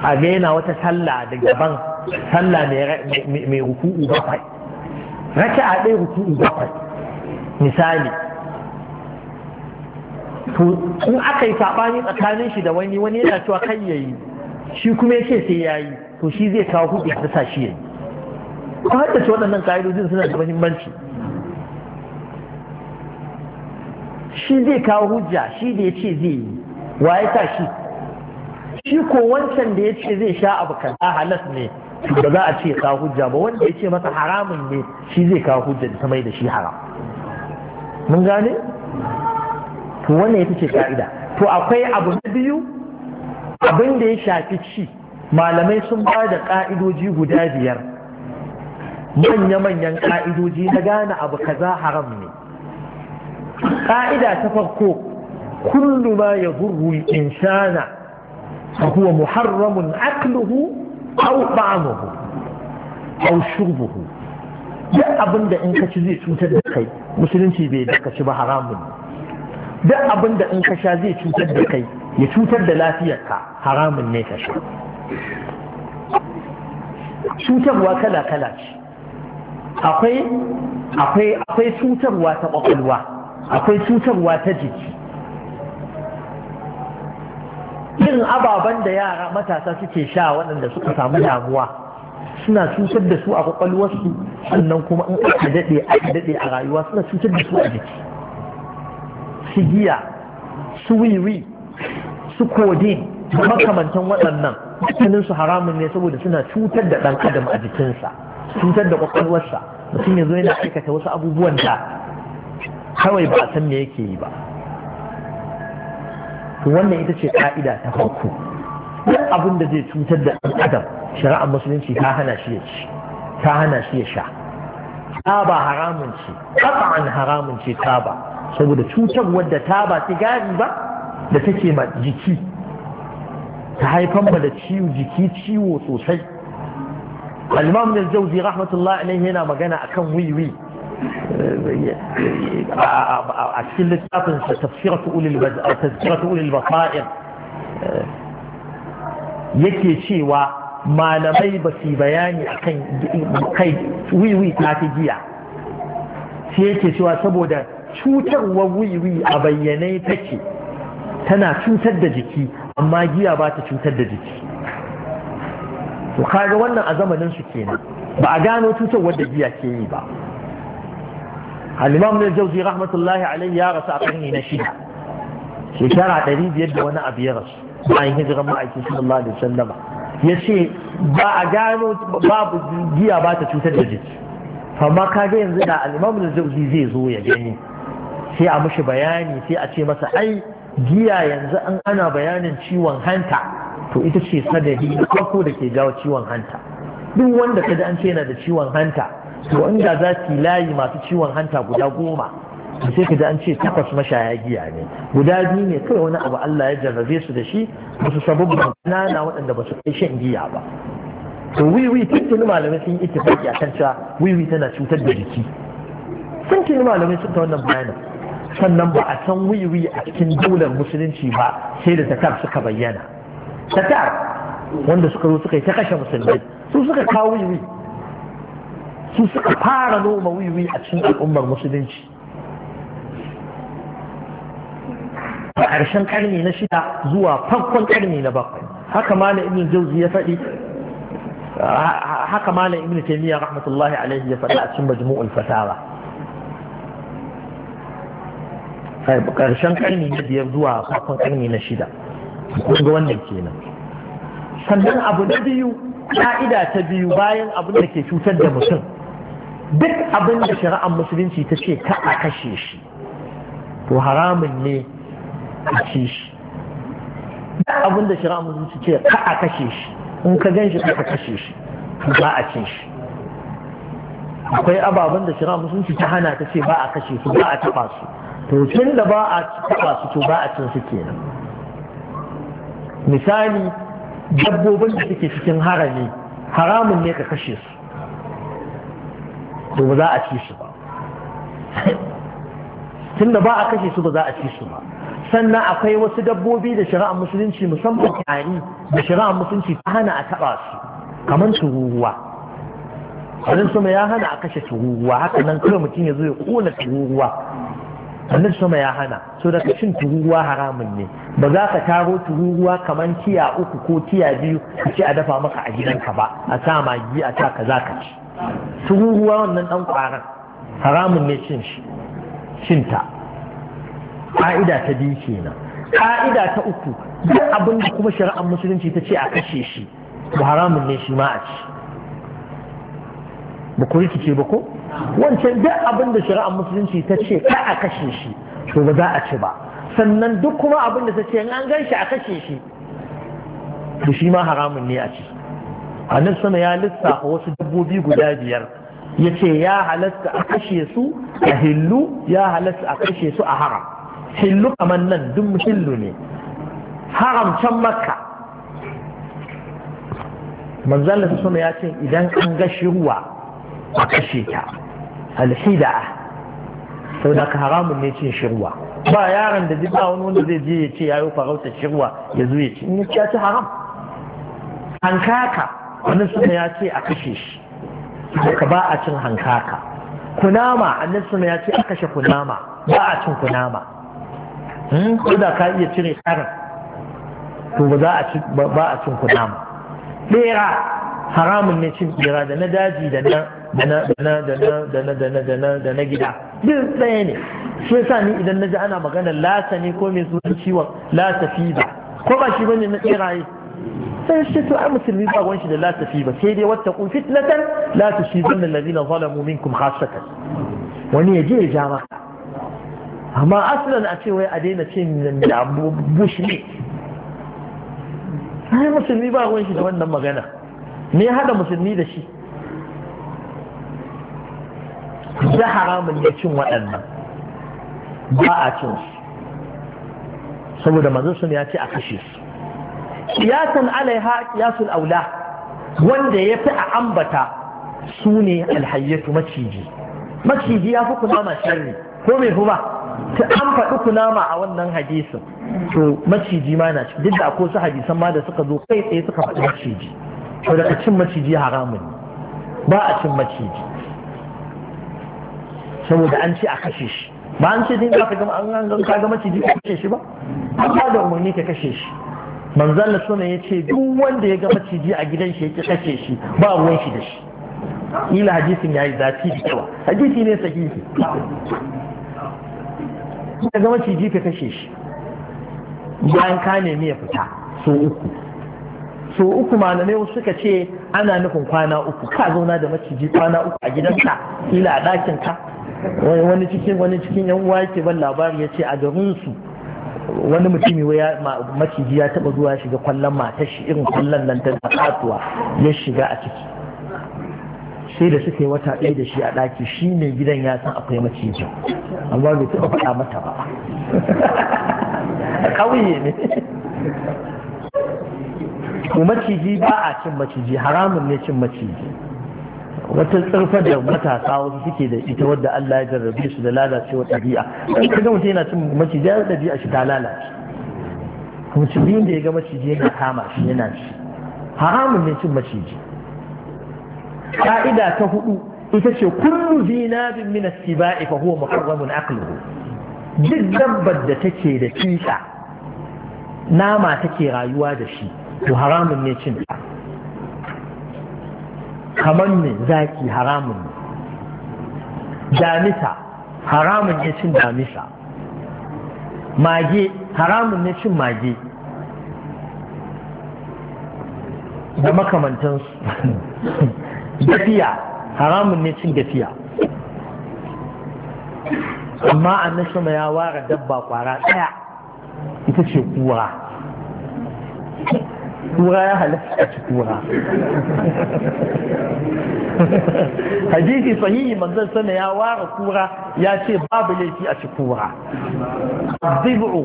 a ga yana wata sallah da gaban sallah mai ruku'u bakwai raka a ɗaya ruku'u bakwai misali to in aka yi saɓani tsakanin shi da wani wani yana cewa kan yayi shi kuma ya ce sai yayi to shi zai kawo hudu ya sa shi yayi ta ce waɗannan ƙa'idojin suna da muhimmanci shi zai kawo hujja shi da ya ce zai yi wa ya sa shi shi ko wancan da ya ce zai sha abu kan a halas ne ba za a ce kawo hujja ba wanda ya ce masa haramun ne shi zai kawo hujja da ta mai da shi haram mun gane to wannan ya ce ka'ida to akwai abu na biyu abin da ya shafi ci malamai sun ba da ka'idoji guda biyar manya-manyan ƙa'idoji na gane abu kaza haram ne ƙa'ida ta farko kullu ma ya zurru insana fa huwa muharramun akluhu au ba'amuhu au shurbuhu duk abin da in ka ci zai cutar da kai musulunci bai da ci ba haramun duk abin da in ka sha zai cutar da kai ya cutar da lafiyarka haramun ne ka sha cutarwa kala-kala ce akwai cutarwa ta kwakwalwa akwai cutarwa ta jiki Yin ababen da yara matasa suke sha waɗanda suka samu damuwa suna cutar da su a kwakwalwarsu sannan kuma in aka daɗe aka daɗe a rayuwa suna cutar da su a jiki su giya su wiwi su kodin makamantan waɗannan su haramun ne saboda suna cutar da ɗan adam a jikinsa cutar da kwakwalwarsa mutum ya zo yana aikata wasu abubuwan da kawai ba a san me yake yi ba to wannan ita ce ka'ida ta farko duk abin da zai cutar da ɗan adam shari'ar musulunci ta hana shi ya ci ta hana shi ya sha taba haramun ce an haramun ce taba saboda cutar wadda taba sigari ba da take ma jiki ta haifan ba da ciwo jiki ciwo sosai al-imam al-jawzi rahmatullahi alaihi yana magana akan wiwi a cikin littafin sa tafsiratu ulil basair yake cewa malamai ba su bayani akan kai wiwi ta fi giya sai yake cewa saboda cutarwar wiwi a bayyane take tana cutar da jiki amma giya ba ta cutar da jiki to kaga wannan a zamanin su kenan ba a gano cutar wadda giya ke yi ba al-imam al-jawzi rahmatullahi alayhi ya rasu a karni na shida shekara ɗari biyar da wani abu ya rasu bayan hijiran ma'aikin sallallahu alaihi wasallam ya ce ba a gano babu giya ba ta cutar da jiki amma kaga yanzu da al-imam al-jawzi zai zo ya gani sai a mushi bayani sai a ce masa ai giya yanzu an ana bayanin ciwon hanta to ita ce sadari na farko da ke jawo ciwon hanta duk wanda ka ji an ce yana da ciwon hanta to inda za su layi masu ciwon hanta guda goma da sai ka ji an ce takwas mashaya giya ne guda biyu ne kai wani abu Allah ya jarrabe su da shi ba su nana waɗanda ba su kai shan giya ba to wiwi tun malamai sun yi ittifaki a kan cewa wiwi tana cutar da jiki tuntuni malamai sun ta wannan bayanin sannan ba a san wiwi a cikin daular musulunci ba sai da tatar suka bayyana tatar wanda suka zo suka yi ta kashe musulmai su suka kawo wiwi su suka fara noma wiwi a cikin al'ummar musulunci a ƙarshen ƙarni na shida zuwa farkon ƙarni na bakwai haka ma na ibn jauzi ya faɗi haka ma na ibn taymiya rahmatullahi alaihi ya faɗi a cikin majmu'ul fatawa ƙarshen ƙarni na biyar zuwa farkon ƙarni na shida kun ga wannan kenan sannan abu na biyu ka'ida ta biyu bayan abin da ke cutar da mutum duk abin da shari'ar musulunci ta ce ka a kashe shi to haramun ne a ci shi duk abin da shari'ar musulunci ce ka a kashe shi in ka gan shi ka kashe shi ba a ci shi akwai ababen da shari'ar musulunci ta hana ta ce ba a kashe su ba a taɓa su to tun da ba a taɓa su to ba a cin su nan, misali dabbobin da suke cikin harami haramun ne ka kashe su to ba za a ci su ba tun da ba a kashe su ba za a ci su ba sannan akwai wasu dabbobi da shari'ar musulunci musamman kyari da shari'ar musulunci ta hana a taɓa su kamar tururuwa wani sama ya hana a kashe tururuwa haka nan kawai mutum ya zo ya kona tururuwa annabi sama ya hana so daga cin tururuwa haramun ne ba za ka taro tururuwa kamar tiya uku ko tiya biyu ka ce a dafa maka a gidanka ba a sa magi a sa ka za ka ci tururuwa wannan dan kwaran haramun ne cin shi cinta ka'ida ta biyu kenan ka'ida ta uku duk abin da kuma shari'ar musulunci ta ce a kashe shi ba haramun ne shi ma a ci ba ku rikice ba ko wancan duk abin da shari'ar musulunci ta ce ka a kashe shi to ba za a ci ba sannan duk kuma abin da ta ce an gan shi a kashe shi da shi ma haramun ne a ci nan sama ya lissafa wasu dabbobi guda biyar ya ce ya halatta a kashe su a hillu ya halatta a kashe su a haram hillu kamar nan duk hillu ne haram can makka manzalin da sama ya ce idan an gashi ruwa a kashe ta alhida sau da ka haramun ne cin shirwa ba yaron da ba wani wanda zai je ya ce ya yi farauta shirwa ya zo ya ci in ya ci haram hankaka wani suna ya ce a kashe shi ka ba a cin hankaka kunama annabi suna ya ce a kashe kunama ba a cin kunama ko da ka iya cire karin to ba a cin kunama bera haramun ne cin bera da na daji da na da na dana dana dana dana dana gida duk ɗaya ne shi yasa ni idan na ji ana magana lasa ne ko mai sunan ciwon lasa ba" ko ba shi bane na tsiraye sai shi to ai musulmi ba wanshi da lasa ba. sai dai wata kun fitnatan la tusibanna alladhina zalamu minkum hasaka. wani ya je ya ja maka amma asalin a ce wai a daina cin da bushi ne ai musulmi ba wanshi da wannan magana me hada musulmi da shi da haramun ne cin waɗannan ba a cin su saboda manzon sun ya ce a kashe su kiyasan alaiha kiyasul aula wanda ya fi a ambata su ne alhayyatu maciji maciji ya fi kunama sharri ko mai huba ta an faɗi kunama a wannan hadisin to maciji ma na duk da ko su hadisan ma da suka zo kai tsaye suka faɗi maciji to daga cin maciji haramun ba a cin maciji saboda an ce a kashe shi ba an ce din za ka gama an ga ka gama ciji ka kashe shi ba an ba da umarni ka kashe shi manzon Allah sunan ya ce duk wanda ya gama ciji a gidan shi ya kashe shi ba ruwan shi da shi ila hadisin yayi zafi da yawa hadisi ne sahihi ka gama ciji ka kashe shi bayan ka nemi ya fita so uku so uku malamai wasu suka ce ana nufin kwana uku ka zauna da maciji kwana uku a gidanka ila a ɗakinka wani cikin wani cikin yan uwa yake ban labari ya ce a garin su wani mutumi ya maciji ya taba zuwa shiga kwallon matar shi irin kwallon nan ta katuwa ya shiga a ciki sai da suka yi wata ɗaya da shi a ɗaki shi ne gidan ya san akwai maciji, amma bai taɓa faɗa mata ba a ƙauye ne maciji ba a cin maciji haramun ne cin maciji wata tsarfa da matasa wasu suke da ita wadda Allah ya jarrabe su da wa ɗabi'a in ka ga mutum yana cin maciji ya ɗabi'a shi ta lalace musulmin da ya ga maciji yana kama shi yana shi haramun ne cin maciji ka'ida ta hudu ita ce kullu zinabin min as-siba'i fa huwa muharramun aqluhu duk dabbar da take da tsitsa nama take rayuwa da shi to haramun ne cin ta kamar ne zaki haramun ne damisa haramun ne cin damisa mage haramun ne cin mage da makamantansu gafiya haramun ne cin gafiya amma annashima ya ware dabba kwara ɗaya ita ce kura kura ya halatta a ci hadisi sahihi manzon sana ya ware kura ya ce babu laifi a cikura kura zibu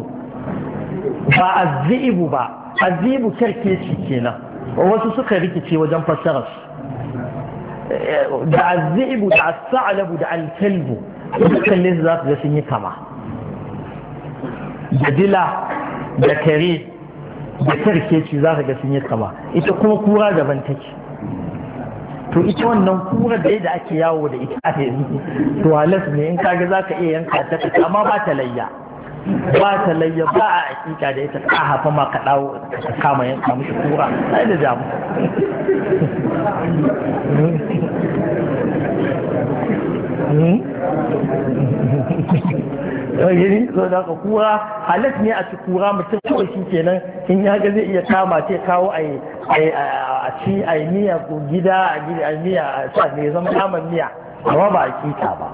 ba azibu ba azibu kerkeci kenan wasu suka rikice wajen fassara su da azibu da asalabu da alkalbu dukkanin za su ga sun yi kama da dila da kare da kirkeci za ka ga sun yi kama ita kuma kura daban take to ita wannan kura da yadda ake yawo da ita a yanzu to halas ne in kaga za ka iya yanka ta kaci amma ba ta layya ba ta layya ba a hakika da ita ka hafa ma ka dawo ka kama yanka mishi kura sai da jamu Mm-hmm. gani so da ka kura halas ne a ci kura mutum kawai shi kenan in ya ga zai iya kama ce kawo a a ci a miya ko gida a gida a miya a sa ne zama naman miya amma ba a kita ba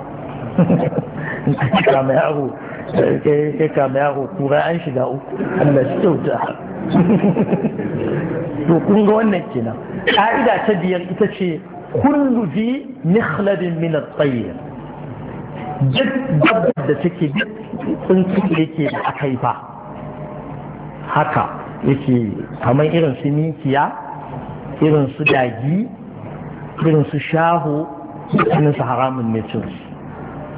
kama yaro kai kama yaro kura an shiga uku Allah shi kyauta to kun ga wannan kenan ka'ida ta biyar ita ce kullu bi nikhladin min at-tayyib duk dabbar da take tsuntsu yake da aka yi fa haka yake kamar irin su mikiya irin su dagi irin su shaho irin su haramun ne su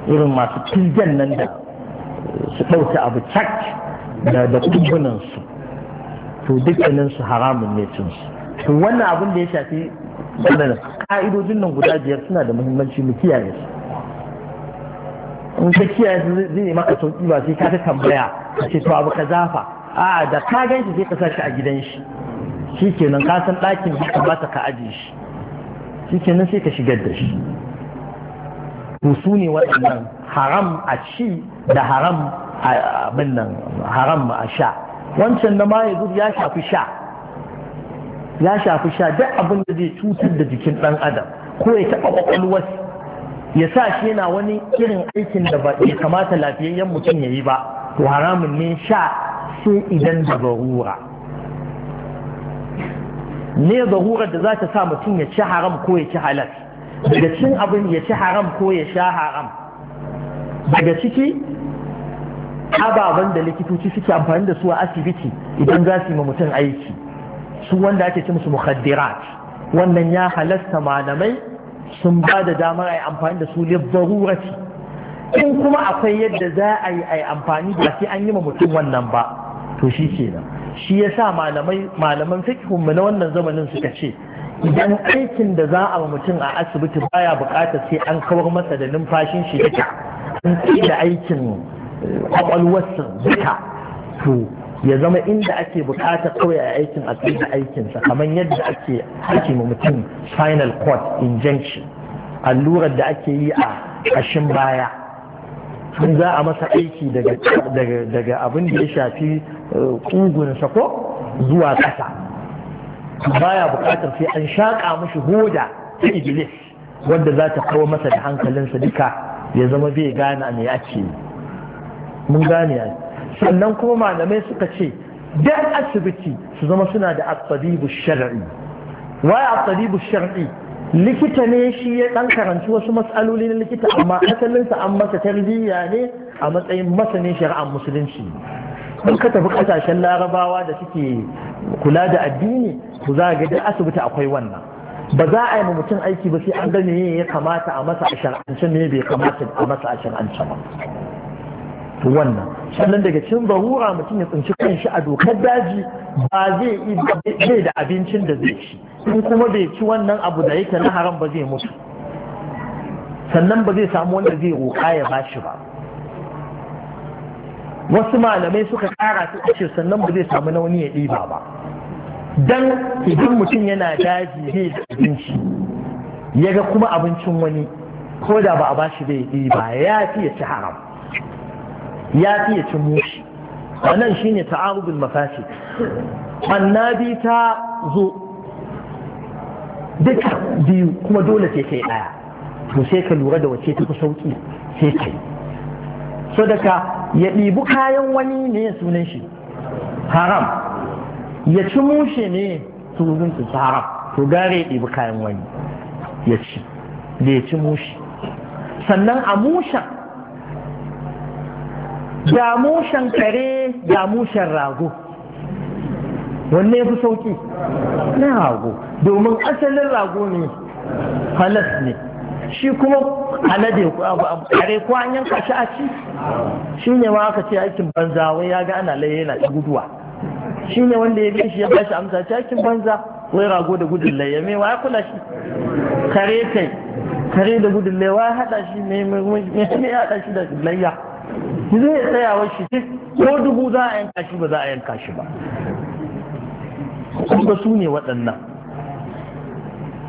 irin masu tilgen nan da su ɗauki abu cak da su to dukkanin su haramun ne su to wannan abin da ya shafi wannan ka'idojin nan guda biyar suna da muhimmanci mu kiyaye su in ka kiyaye su zai maka sauki ba sai ka ta tambaya ka ce to abu ka zafa a da ka gan shi sai ka sa shi a gidan shi shi kenan ka san ɗakin da kamata ka ajiye shi shi kenan sai ka shigar da shi to su ne waɗannan haram a ci da haram a abin nan haram a sha wancan na ma ya shafi sha ya shafi sha duk abin da zai cutar da jikin ɗan adam ko ya taɓa ƙwaƙwalwarsa ya sa shi yana wani irin aikin da ba ya kamata lafiyayyen mutum ya yi ba to haramun ne sha sai idan da barura ne zarura da za ta sa mutum ya ci haram ko ya ci halal daga cin abin ya ci haram ko ya sha haram daga ciki ababen da likitoci suke amfani da su a asibiti idan za su yi mutum aiki su wanda ake ce musu mukaddira. wannan ya halasta malamai sun ba da damar a yi amfani da su libbarurati in kuma akwai yadda za a yi amfani ba sai an yi ma mutum wannan ba to shi ke nan shi ya sa malaman fikihunmu na wannan zamanin suka ce idan aikin da za a mutum a asibiti baya bukatar sai an kawar masa da numfashin shi duka an da aikin kwakwalwarsa eh, duka to ya zama inda ake bukata kawai a aikin a tsaye aikinsa kamar yadda ake ake ma mutum final court injunction allurar da ake yi a ƙashin baya in za a masa aiki daga abin da ya shafi eh, ƙugunsa ko zuwa ƙasa baya bukatar sai an shaƙa mashi hoda ta iblis wanda za ta kawo masa da hankalinsa duka ya zama bai gane me ake mun gane sannan kuma malamai suka ce dan asibiti su zama suna da asabibu shar'i wai asabibu shar'i likita ne shi ya dan karanci wasu matsaloli na likita amma asalinsa an masa tarbiyya ne a matsayin masanin shari'ar musulunci in ka tafi kasashen larabawa da suke kula da addini ku za ga asibiti akwai wannan ba za a yi ma mutum aiki ba sai an gane ya kamata a masa a shari'ance ne bai kamata a masa a shari'ance ba to wannan sannan daga cin zarura mutum ya tsinci kanshi a dokar daji ba zai yi da abincin da zai ci in kuma bai ci wannan abu da yake na haram ba zai mutu sannan ba zai samu wanda zai roƙa ya bashi ba wasu malamai suka ƙara su ce sannan ba zai samu na ya ɗiba ba dan idan mutum yana daji zai da abinci ya ga kuma abincin wani ko da ba a bashi zai ɗiba ya fi ya ci haram ya fi ya cin mushi wannan shine ta'arubul anna annabi ta zo duka biyu kuma dole sai kai daya to sai ka lura da wace ta fi sauki sai kai sadaka ya ɗibi kayan wani ne sunan shi haram ya ci mushe ne sunan su haram to gare ya ɗibi kayan wani ya ci da ya ci mushe sannan a mushen jamushan kare jamushan rago wanne fi sauki na rago domin asalin rago ne halas ne shi kuma alade kare ko an yanka shi a ci shi ne ma aka ce aikin banza wai ya ga ana laye na ci guduwa shi ne wanda ya shi ya bashi amsa ce aikin banza wai rago da gudun laye mai wa ya kula shi kare kai kare da gudun laye wa ya hada shi mai hada shi da laye zai tsaya shi ce, ko dubu za a yanka shi ba za a yanka shi ba kuma su ne waɗannan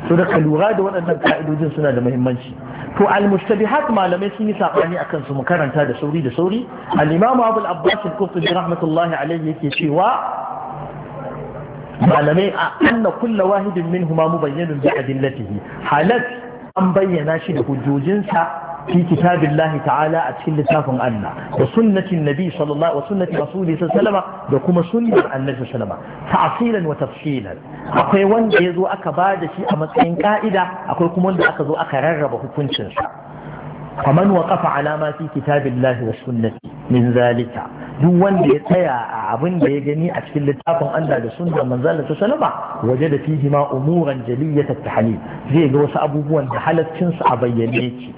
to da lura da waɗannan ka'idojin suna da muhimmanci to al-mustabihat malamai sun yi sabani akan su mu karanta da sauri da sauri al-imamu abul abbas al-qurtubi rahmatullahi alayhi yake cewa malamai a anna kulla wahidin minhuma mubayyinun bi adillatihi halat an bayyana shi da hujjojinsa fi kitabillahi ta'ala a cikin littafin Allah da sunnatin nabi sallallahu wa sunnati rasuli sallallahu da kuma sunnar annabi ta ta'asilan wa tafsilan akwai wanda ya zo aka ba da shi a matsayin ka'ida akwai kuma wanda aka zo aka rarraba hukuncinsa sa faman waqafa ala ma fi kitabillahi wa sunnati min zalika duk wanda ya tsaya a abinda ya gani a cikin littafin Allah da sunnar manzalin ta salama waje da fihi ma umuran jaliyatat tahlil zai ga wasu abubuwan da halaccin su a bayyane yake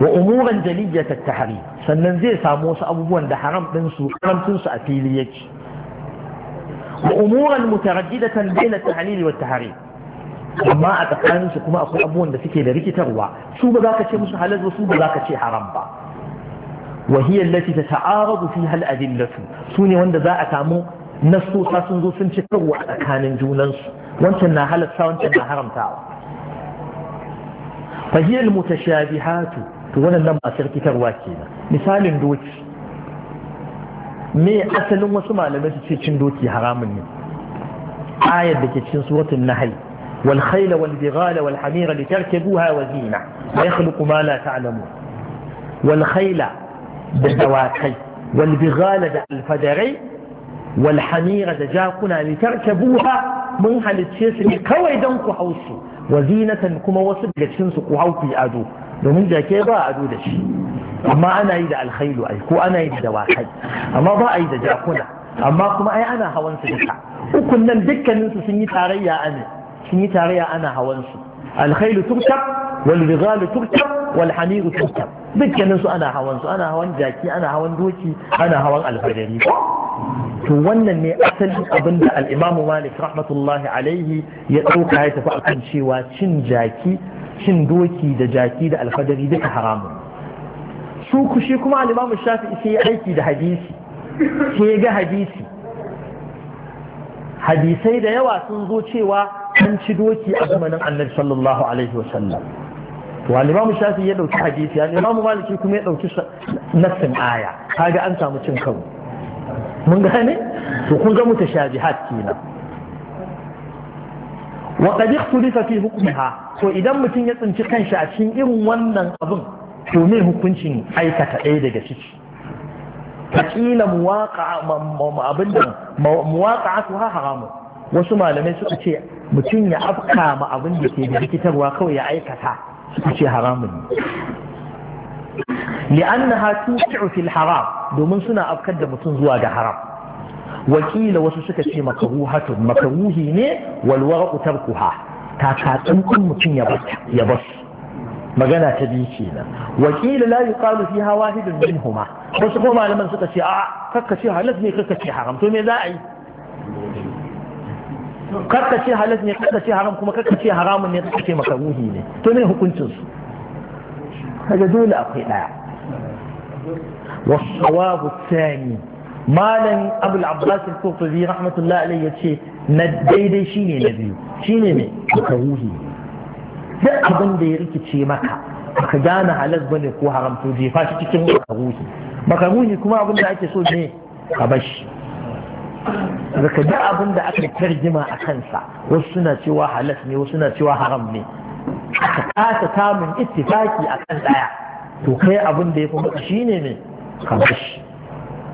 wa umuran jaliyata tahari sannan zai samu wasu abubuwan da haram ɗinsu karamcinsu a fili yake wa umuran mutaraddidatan da tahlili wa tahari amma a tsakaninsu kuma akwai abubuwan da suke da rikitarwa su ba za ka ce musu halal ba su ba za ka ce haram ba wa hiya allati tata'aradu fiha al-adillatu sune wanda za a samu nasosa sun zo sun ci karo a tsakanin junansu wancan na halatta wancan na haramtawa fa hiya mutashabihatu to wannan ba sarkitarwa ke misalin doki me asalin wasu malamai su ce cin doki haramun ne ayar da ke cikin suratun nahl wal khayl wal bighala wal hamira litarkabuha wa zina wa yakhluqu ma la ta'lamu wal da dawakai wal da alfadarai wal hamira da jakuna litarkabuha mun halicce su ne kawai don ku hausu wa zinatan kuma wasu daga cikin su ku hauku ado domin jake ba a ado da shi amma ana yi da alkhailu ai ko ana yi da dawakai amma ba a yi da jakuna amma kuma ai ana hawan su duka ukun nan dukkanin su sun yi tarayya ana sun yi tarayya ana hawan su alkhailu turkab wal bighalu turkab wal hamiru turkab dukkanin su ana hawan su ana hawan jaki ana hawan doki ana hawan alfadari to wannan ne asalin abin da al'imamu malik rahmatullahi alaihi ya ɗauka ya tafi akan cewa cin jaki cin doki da jaki da alfadari duka haramun su kushi kuma alimamu shafi sai ya aiki da hadisi Ke ga hadisi hadisai da yawa sun zo cewa an ci doki a zamanin annabi sallallahu alaihi wasallam to alimamu shafi ya dauki hadisi alimamu maliki kuma ya dauki nassin aya kaga an samu cin karo mun gane to kun ga mutashabihat kenan وقد اختلف في حكمها so idan mutum ya tsinci kanshi a cikin irin wannan abin to me hukuncin aikata ɗaya daga ciki fakila muwaƙa su ha haramu wasu malamai suka ce mutum ya afka ma abin da ke da rikitarwa kawai ya aikata suka ce haramun ne li'annaha tuqi'u fil haram domin suna afkar da mutum zuwa ga haram wakila wasu suka ce makaruhatun makaruhi ne walwara wara'u tarkuha takatsun kun mutum ya bas magana ta biyu kenan wakil la yuqalu fiha wahidun minhuma wasu kuma malaman suka ce a kakka ce halal ne kakka ce haram to me za a yi kakka ce halas ne kakka ce haram kuma kakka ce haramun ne kakka ce makaruhi ne to ne hukuncin su kaga dole akwai daya wasu sawabu tsani malam abul abbas al-qurtubi rahmatullahi alayhi ce na daidai shine na biyu shine ne makaruhi duk abin da ya rikice maka ka gane halal bane ko haram to jefa shi cikin makaruhi ruhi kuma abin da ake so ne ka bashi daga duk abin da aka tarjima a kansa wasu suna cewa halas ne wasu suna cewa haram ne aka kasa samun ittifaki a kan daya to kai abin da ya fi maka shine ne ka bashi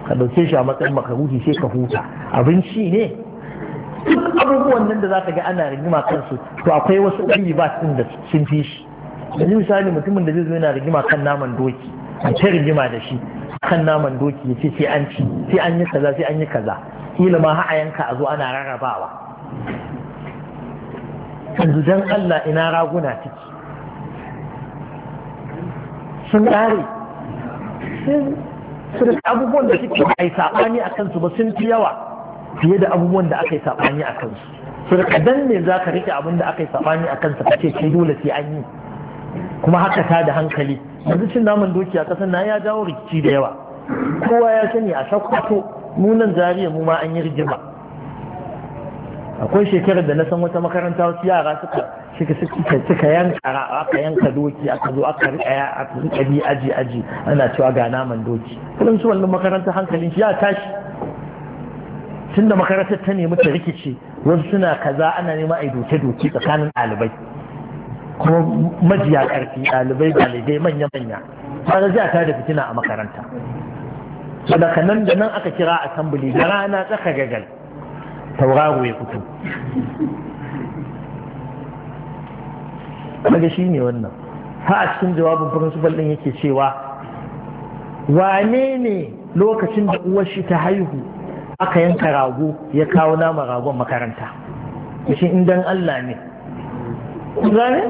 ka dauke shi a matsayin makaruhi sai ka huta abinci ne abubuwan nan da za ka ga ana rigima kansu to akwai wasu ɗari ba sun da sun fi shi yanzu misali mutumin da zai zo yana rigima kan naman doki a ce rigima da shi kan naman doki ya ce sai an ci sai an yi kaza sai an yi kaza kila ma har a yanka a zo ana rarrabawa yanzu dan Allah ina raguna ciki sun ƙare su abubuwan da suke ba a yi saɓani a kansu ba sun fi yawa fiye da abubuwan da aka yi saɓani a kansu su da kadan ne za ka rike abin da aka yi saɓani a kansu ka ce kai dole sai an yi kuma haka ta da hankali yanzu cin naman doki a ƙasar na ya jawo rikici da yawa kowa ya sani a sakwato nunan zariya mu ma an yi rigima akwai shekarar da na san wata makaranta wasu yara suka suka suka yanka aka yanka doki aka zo aka riƙaya a riƙa bi aji aji ana cewa ga naman doki kullum su wannan makaranta hankalin shi ya tashi tunda makarantar ta nemi ta rikice wasu suna kaza ana nema a doke doki tsakanin ɗalibai kuma majiya ƙarfi ɗalibai ɗalibai manya manya ba za ta da fitina a makaranta Daga nan da nan aka kira assembly da rana tsaka gagal tauraro ya fito kaga shi ne wannan ha a cikin jawabin principal ɗin yake cewa wane ne lokacin da uwar shi ta haihu aka yanka rago ya kawo nama ragon makaranta shi indan Allah ne zane?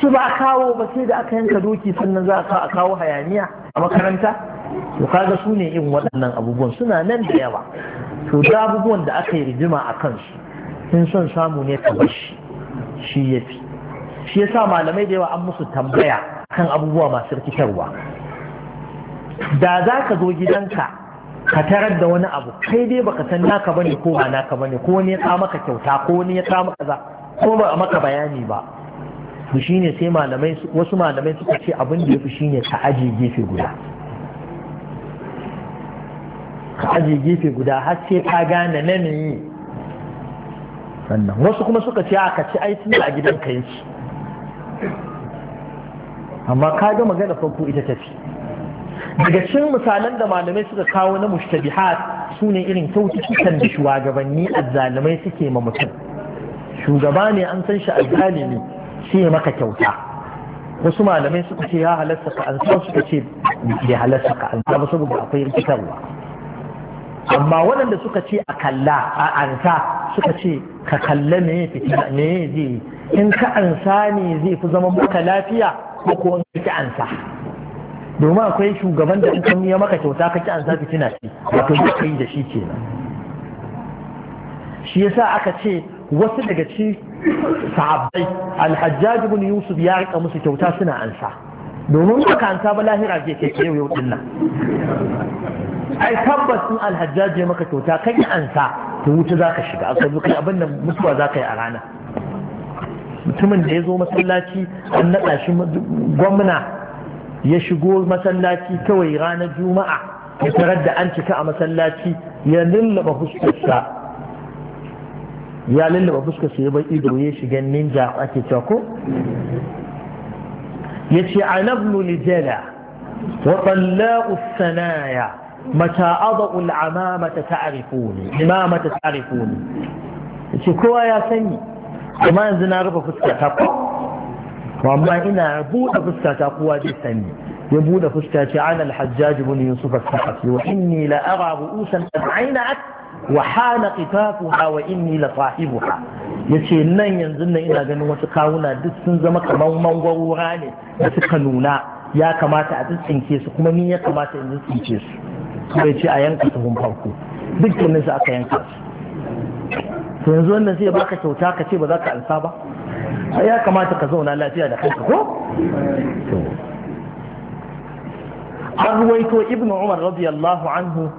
Su ba a kawo ba sai da aka yanka doki sannan za a kawo hayaniya a makaranta to kaga su ne irin waɗannan abubuwan suna nan da yawa to da abubuwan da aka yi rigima a kansu sun son samu ne ta bashi shi ya fi shi ya sa malamai da yawa an musu tambaya kan abubuwa masu rikitarwa da za ka zo gidanka ka tarar da wani abu kai dai baka san naka bane ko ba naka bane ko ne ya maka kyauta ko ne ya ka maka za ko ba maka bayani ba to shine sai malamai wasu malamai suka ce abin da yafi shine ka aje gefe guda ka aje gefe guda har sai ka gane na ne sannan wasu kuma suka ce aka ci aiki a gidan ka yanci amma ka ga magana farko ita tafi daga cikin misalan da malamai suka kawo na mushtabihat su ne irin kyaututtukan da shugabanni azzalumai suke ma mutum shugaba ne an san shi azzalumi sai maka kyauta wasu malamai suka ce ya halasta ka an san suka ce bai halasta ka an ba saboda akwai rikitarwa amma waɗanda suka ce a kalla a ansa suka ce ka kalla me fitina me zai in ka ansa ne zai fi zama maka lafiya ko ko in ka ansa domin akwai shugaban da in kan ya maka kyauta ka ki ansa fitina ce wato ba kai da shi kenan shi yasa aka ce wasu daga ci sahabbai alhajjaj yusuf ya rika musu kyauta suna ansa domin baka an saba lahira ke ke kewaye yau nan ai tabbas in alhajjaji maka kyauta kan yi ansa to wuta za ka shiga aka zo kai abin da mutuwa za ka yi a rana mutumin da ya zo masallaci an naɗa shi gwamna ya shigo masallaci kawai ranar juma'a ya tarar da an cika a masallaci ya lullaba fuskarsa ya lullaba fuskarsa ya bar ido ya shiga ninja ake cewa ko yace ana ibn lijala wa tallaqu sanaya mata adau mata ta'rifuni imamata ta'rifuni yace kowa ya sani kuma yanzu na rufe fuskata ko amma ina buɗe fuskata kowa zai sani ya buɗe fuska ce ana al-hajjaj ibn yusuf as-sahfi wa inni la ara ru'usan qad aynat wa hala qitafuha wa inni la sahibuha yace nan yanzu nan ina ganin wasu kawuna duk sun zama kamar mangwarora ne da suka nuna ya kamata a tsinke su kuma ni ya kamata in tsinke su kuma ce a yanka tuhun farko dukkanin su aka yanka su yanzu wannan sai baka kyauta ka ce ba za ka ansa ba ya kamata ka zauna lafiya da kanka ko an ruwaito ibn umar radiyallahu anhu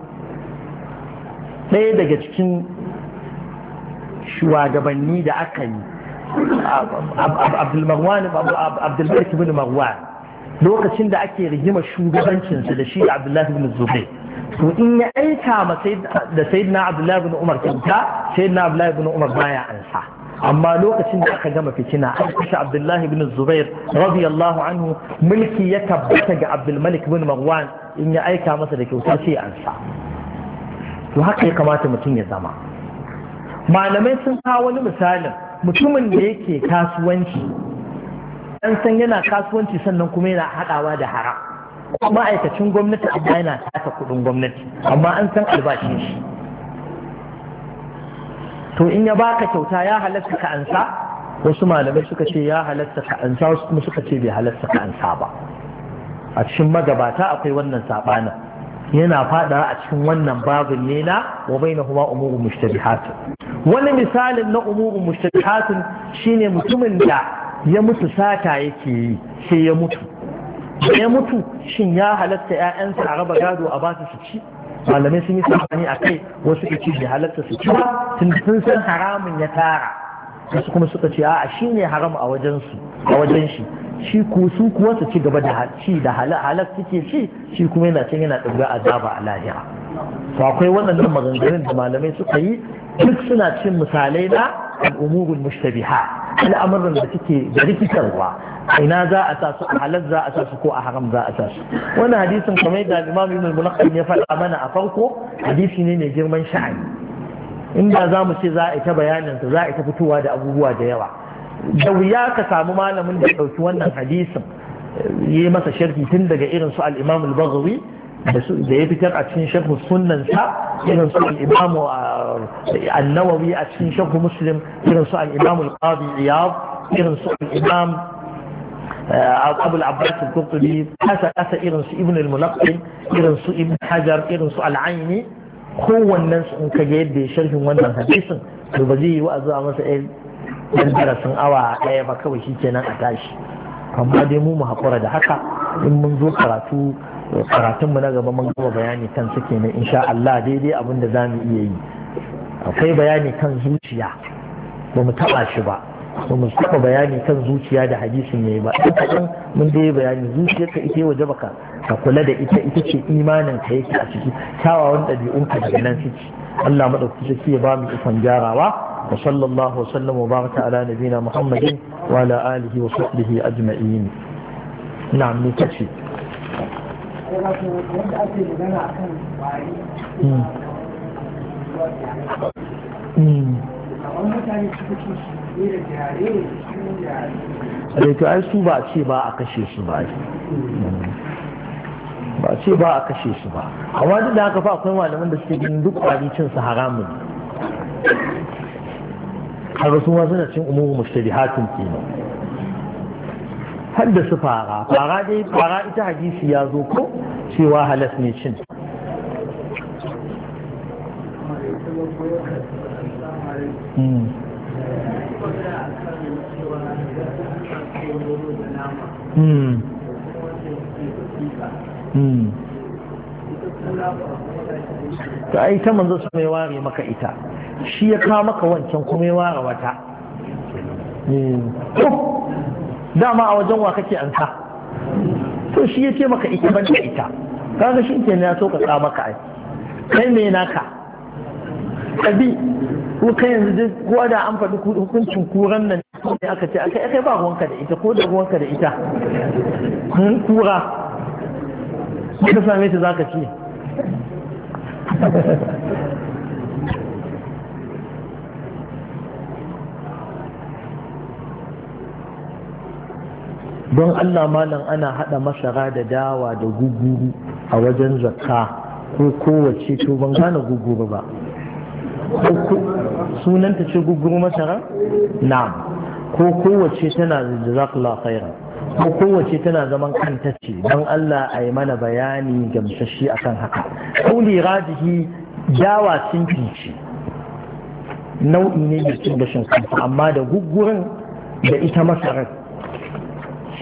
ɗaya daga cikin shugabanni da aka yi abdulmarwan abdulmalik ibn marwan lokacin da ake rigima shugabancinsa da shi abdullahi ibn zubai to in ya aika da sayyidina abdullahi ibn umar kyauta sayyidina abdullahi ibn umar baya ansa amma lokacin da aka gama fitina an kashe abdullahi ibn zubair radiyallahu anhu mulki ya tabbata ga abdulmalik ibn marwan in ya aika masa da kyauta sai an sa to haka ya kamata mutum ya zama malamai sun kawo wani misalin mutumin da yake kasuwanci an san yana kasuwanci sannan kuma yana haɗawa da haram ma'aikacin gwamnati amma yana tasa kuɗin gwamnati amma an san albashin shi to in ya baka kyauta ya halatta ka ansa wasu malamai suka ce ya halatta ka ansa wasu kuma suka ce bai halatta ka ansa ba a cikin magabata akwai wannan sabanin yana fada a cikin wannan babin ne na wa bainahuma umurun mushtabihatun wani misalin na umurun mushtabihatun shine mutumin da ya mutu sata yake yi sai ya mutu ya mutu shin ya halatta 'ya'yansa a raba gado a ba su ci malamai sun yi sabani a kai wasu ka ce bai halatta su ci tun sun san haramun ya tara wasu kuma suka ce a'a shi ne haram a wajen a wajen shi shi ku su kuwa su ci gaba da ci da halal suke ci shi kuma yana can yana ɗaga azaba a lahira to akwai waɗannan maganganun da malamai suka yi duk suna cin misalai na al'umurul mushtabiha al'amuran da suke da rikitarwa ina za a sa su a halal za a sa su ko a haram za a sa su wannan hadisin kamar da imam ibn al-munaqqim ya faɗa mana a farko hadisi ne mai girman sha'ani inda za mu ce za a yi ta bayanin za a yi ta fitowa da abubuwa da yawa da wuya ka samu malamin da ya ɗauki wannan hadisin yi masa sharhi tun daga irin su al-imam al-baghawi da ya fitar a cikin shafi sunan sa irin su al-imam uh, an-nawawi a cikin shafi muslim irin su al-imam al-qadi iyad irin su al-imam uh, abul abbas al-qurtubi kasa kasa irin su ibn al-mulaqqin irin su ibn hajar irin su al-aini kowannen su in kaga yadda ya sharhin wannan hadisin to ba zai yi wa zuwa masa ɗan darasin awa ɗaya ba kawai shi kenan a tashi amma dai mu mu haƙura da haka in mun zo karatu karatunmu na gaba mun gama bayani kan suke ne insha Allah daidai abin da za iya yi akwai bayani kan zuciya ba mu taɓa shi ba ba mu taba bayani kan zuciya da hadisin ne ba ɗan kaɗan mun dai bayani zuciyarka ita waje baka ka kula da ita ita ce imanin ka yake a ciki kyawawan ɗabi'un ka daga nan ciki Allah madaukaki sarki ya ba mu ikon gyarawa wa sallallahu wasallam wa baraka ala nabina muhammadin wa ala alihi wa sahbihi ajma'in na'am ne kace da ai su ba ce ba a kashe su ba ba ce ba a kashe su ba amma duk da haka fa akwai malaman da suke ginin duk kwari cin su haramun har su wasu suna cin mashtari hatin kenan har da su fara fara dai fara ita hadisi ya zo ko cewa halas ne cin Hmm. hmm. hmm. ta ai ta manzo su mai ware maka ita shi ya kawo maka wancan kuma ya ware wata hmm. oh! dama a wajen wa kake an sa to shi ya ce maka ita ban da ita kaga shi ke ya so ka tsa maka ai kai me naka kabi ko kai yanzu ko da an faɗi hukuncin kuran nan ne aka ce aka akai ba ruwanka da ita ko da ruwanka da ita kun hmm, kura ka same ta zaka ce don Allah malam ana haɗa masara da dawa da guguru a wajen zakka ko kowace to ban gane guguru ba sunanta ce guguru masara? Na. ko kowace tana da zakla khairan ko kowace tana zaman kanta ce don Allah a yi mana bayani gamsashi kan haka kuli rajihi dawa sun fice nau'i ne mai cin gashin shinkafa amma da gugurin da ita masarar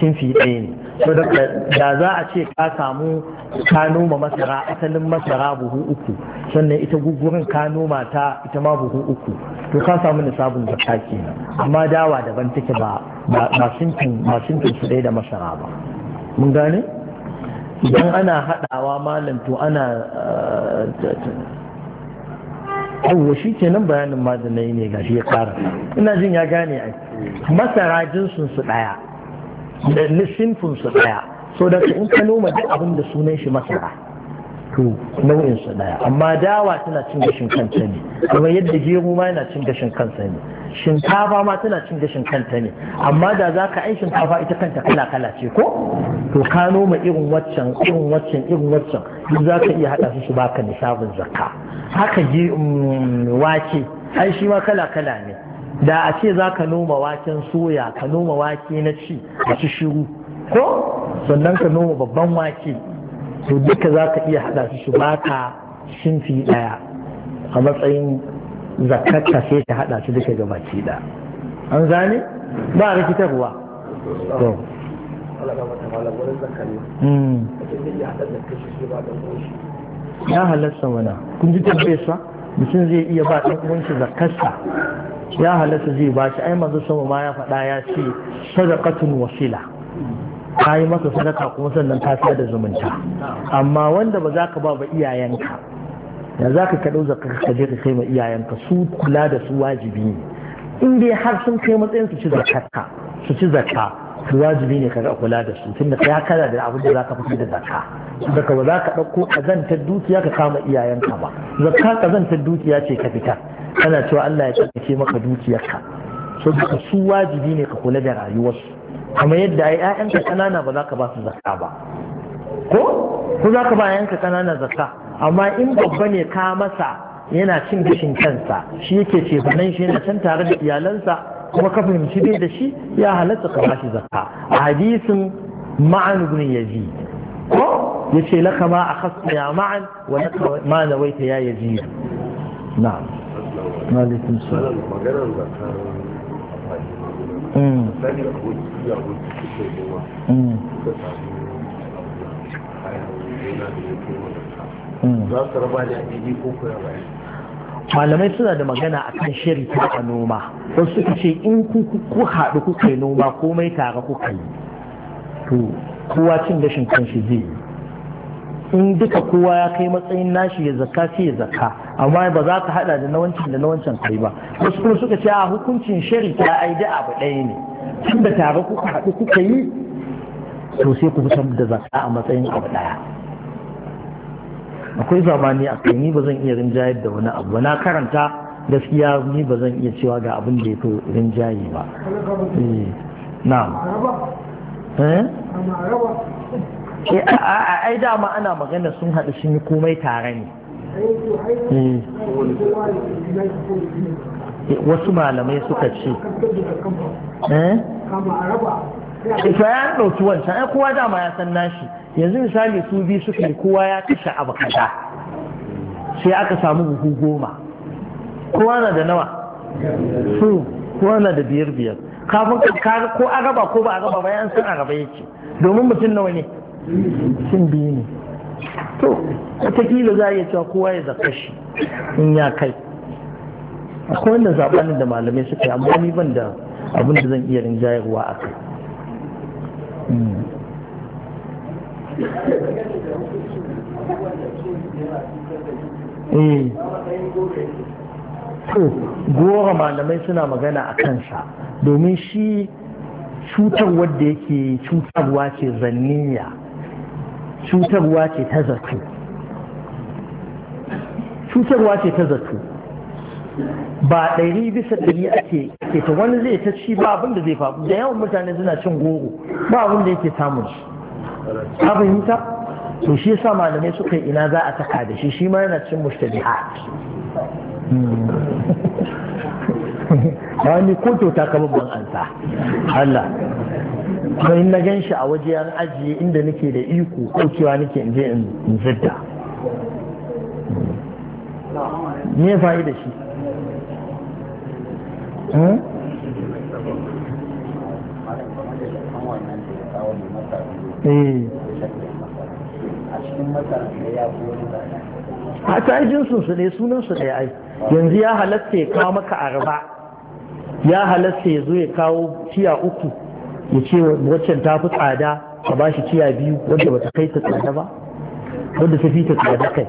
cikin ɗaya ne so da za a ce ka samu ka noma masara asalin masara buhu uku sannan ita gugurin ka noma ta ita ma buhu uku to ka samu nisabin zakka kenan amma dawa daban take ba ba shimfin ba su ɗaya da masara ba mun gane idan ana haɗawa malam to ana eh, yawwa shi ke nan bayanin ma ne ga shi ne gashi ya ƙara ina jin ya gane ai masara jinsun su ɗaya sinfin su daya so da su in ka noma duk abin da sunan shi masara to nau'in su daya amma dawa tana cin gashin kanta ne kamar yadda gero ma yana cin gashin kansa ne shinkafa ma tana cin gashin kanta ne amma da za ka ai shinkafa ita kanta kala kala ce ko to ka noma irin waccan irin waccan irin waccan duk za ka iya haɗa su su baka nisabin zakka haka ji mm, wake ai shi ma kala kala ne da a ce za ka noma waken soya ka noma wake na ci a ci shiru ko sannan ka noma babban wake to duka za ka iya hada su baka shinfi daya a matsayin zakatta sai ka hada su duka gabaki da an zane ba rikitarwa to hmm. ya halatta mana kun ji tambayar sa mutum zai iya ba ɗan uwansa zakarsa ya halatta zai ba shi ai manzo sama ma ya faɗa ya ce sadaqatun wasila ka yi masa sadaka kuma sannan ta fiya da zumunta amma wanda ba za ka ba ba iyayenka ya za ka kaɗau zakar ka je ka kai ma iyayenka su kula da su wajibi ne in dai har sun kai matsayin su ci zakarka su ci zakka Su wajibi ne kaga kula da su tunda kai kana da abin da zaka fitar da zakka daga ba zaka dauko kazantar dukiya ka kama iyayenka ba zakka kazantar dukiya ce ka fita kana cewa Allah ya tsarkake maka dukiyarka so duka su wajibi ne ka kula da rayuwarsu kamar yadda ai ƴaƴanka kanana ba za ka ba su zakka ba ko ko za ka ba ƴaƴanka kanana zakka amma in babba ne ka masa yana cin gishin kansa shi yake ce banan shi yana can tare da iyalansa kuma ka fahimci bai da shi ya halatta ka bashi zakka a hadisin ma'an ibn yazid ko yace laka ma kasu ya ma'an wa laka ma nawaita ya yazid na'am alaikum salam maganar zakka Mm. Mm. mm. za su raba da addini ko koya bayan malamai suna da magana a kan shirin ta a noma wasu suka ce in ku haɗu kuka yi noma komai tare kuka yi to kowa cin gashin kanshi zai yi in duka kowa ya kai matsayin nashi ya zaka sai ya zaka amma ba za ka haɗa da na da nawancin kai ba wasu kuma suka ce a hukuncin shari ta ai da abu ɗaya ne tun da tare kuka haɗu kuka yi to sai ku fitar da zaka a matsayin abu ɗaya akwai zamani a kai ni ba zan iya rinjayar da wani abu na karanta gaskiya ni ba zan iya cewa ga abin da ya fi rinjaye ba eh, na'am eh? Eh, ai dama ana magana sun haɗu sun yi komai tare ne wasu malamai suka ce eh? ya ɗauki wancan ai kowa dama ya san nashi yanzu misali su biyu suka yi kowa ya kashe abu kaza sai aka samu buhu goma kowa na da nawa su kowa na da biyar biyar kafin ko a raba ko ba a raba bayan sun a raba yake domin mutum nawa ne sun biyu ne to watakila za a iya cewa kowa ya zaka shi in ya kai akwai wanda zaɓani da malamai suka yi amma ni ban da abin da zan iya rinjayarwa a kai hmm. eh hmm. to malamai suna magana a kansa domin shi cutar wadda yake cutarwa ce zanniya cutarwa ce ta zato cutarwa ce ta zato ba ɗari bisa ɗari ake ake ta wani zai ta ci ba abinda zai faɗu, da yawan mutane suna cin goro ba abinda yake samun shi ka fahimta to shi yasa malamai suka ina za a taka da shi shi ma yana cin mushtabihat ba ni ko to ta kaba ansa Allah kuma na gan shi a waje an ajiye inda nake da iko ko cewa nake in je in zidda me fa'ida shi hmm? Eh. a cikin jinsu su ne sunan su ne ai yanzu ya halatta ya kawo maka arba ya halatta ya zo ya kawo ciya uku ya ce waccan ta fi tsada a ba shi ciya biyu wadda ba ta kai ta tsada ba wadda ta fi ta tsada kai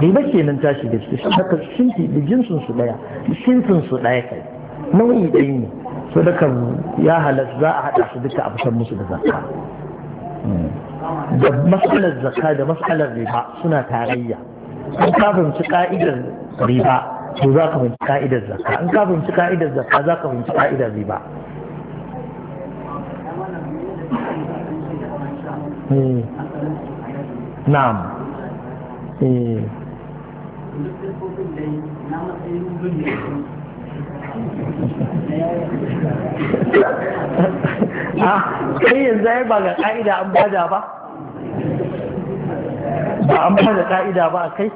riba kenan tashi da shi haka shinti da jinsun su ɗaya shintin su daya kai nauyi ɗaya ne so da ya halas za a haɗa su duka a fitar musu da zakka da matsalar zakka da matsalar riba suna tarayya an ka fahimci ka'idar riba to za ka fahimci ka'idar zakka an ka fahimci ka'idar zakka za ka fahimci ka'idar riba eh. na'am eh a ah, kai yanzu ya ba ga ƙa'ida an bada ba ba an bada ƙa'ida ba a kai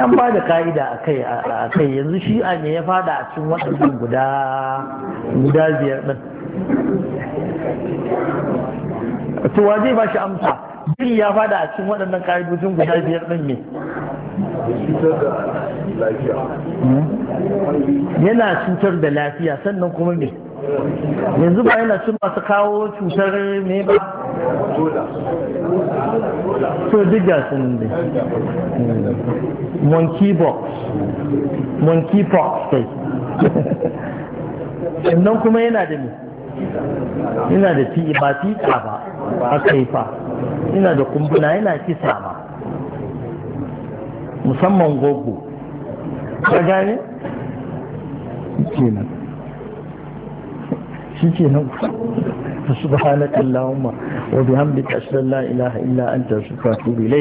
an bada ƙa'ida a kai yanzu shi a ne ya fada a cikin waɗannan guda guda biyar ɗin to wa zai ba shi amsa bin ya fada a cikin waɗannan ƙa'idojin guda biyar ɗin ne yana cutar da lafiya sannan kuma me yanzu ba yana cin masu kawo cutar ne ba so duk sun ne monkey box monkey box kai sannan kuma yana da ne. yana da fi ba fi ba a kaifa ina da kumbuna yana kisa ma musamman gogo ka gane? kenan shi ba hana wa umar ashhadu hamdi la ilaha illa anta astaghfiruka wa atubu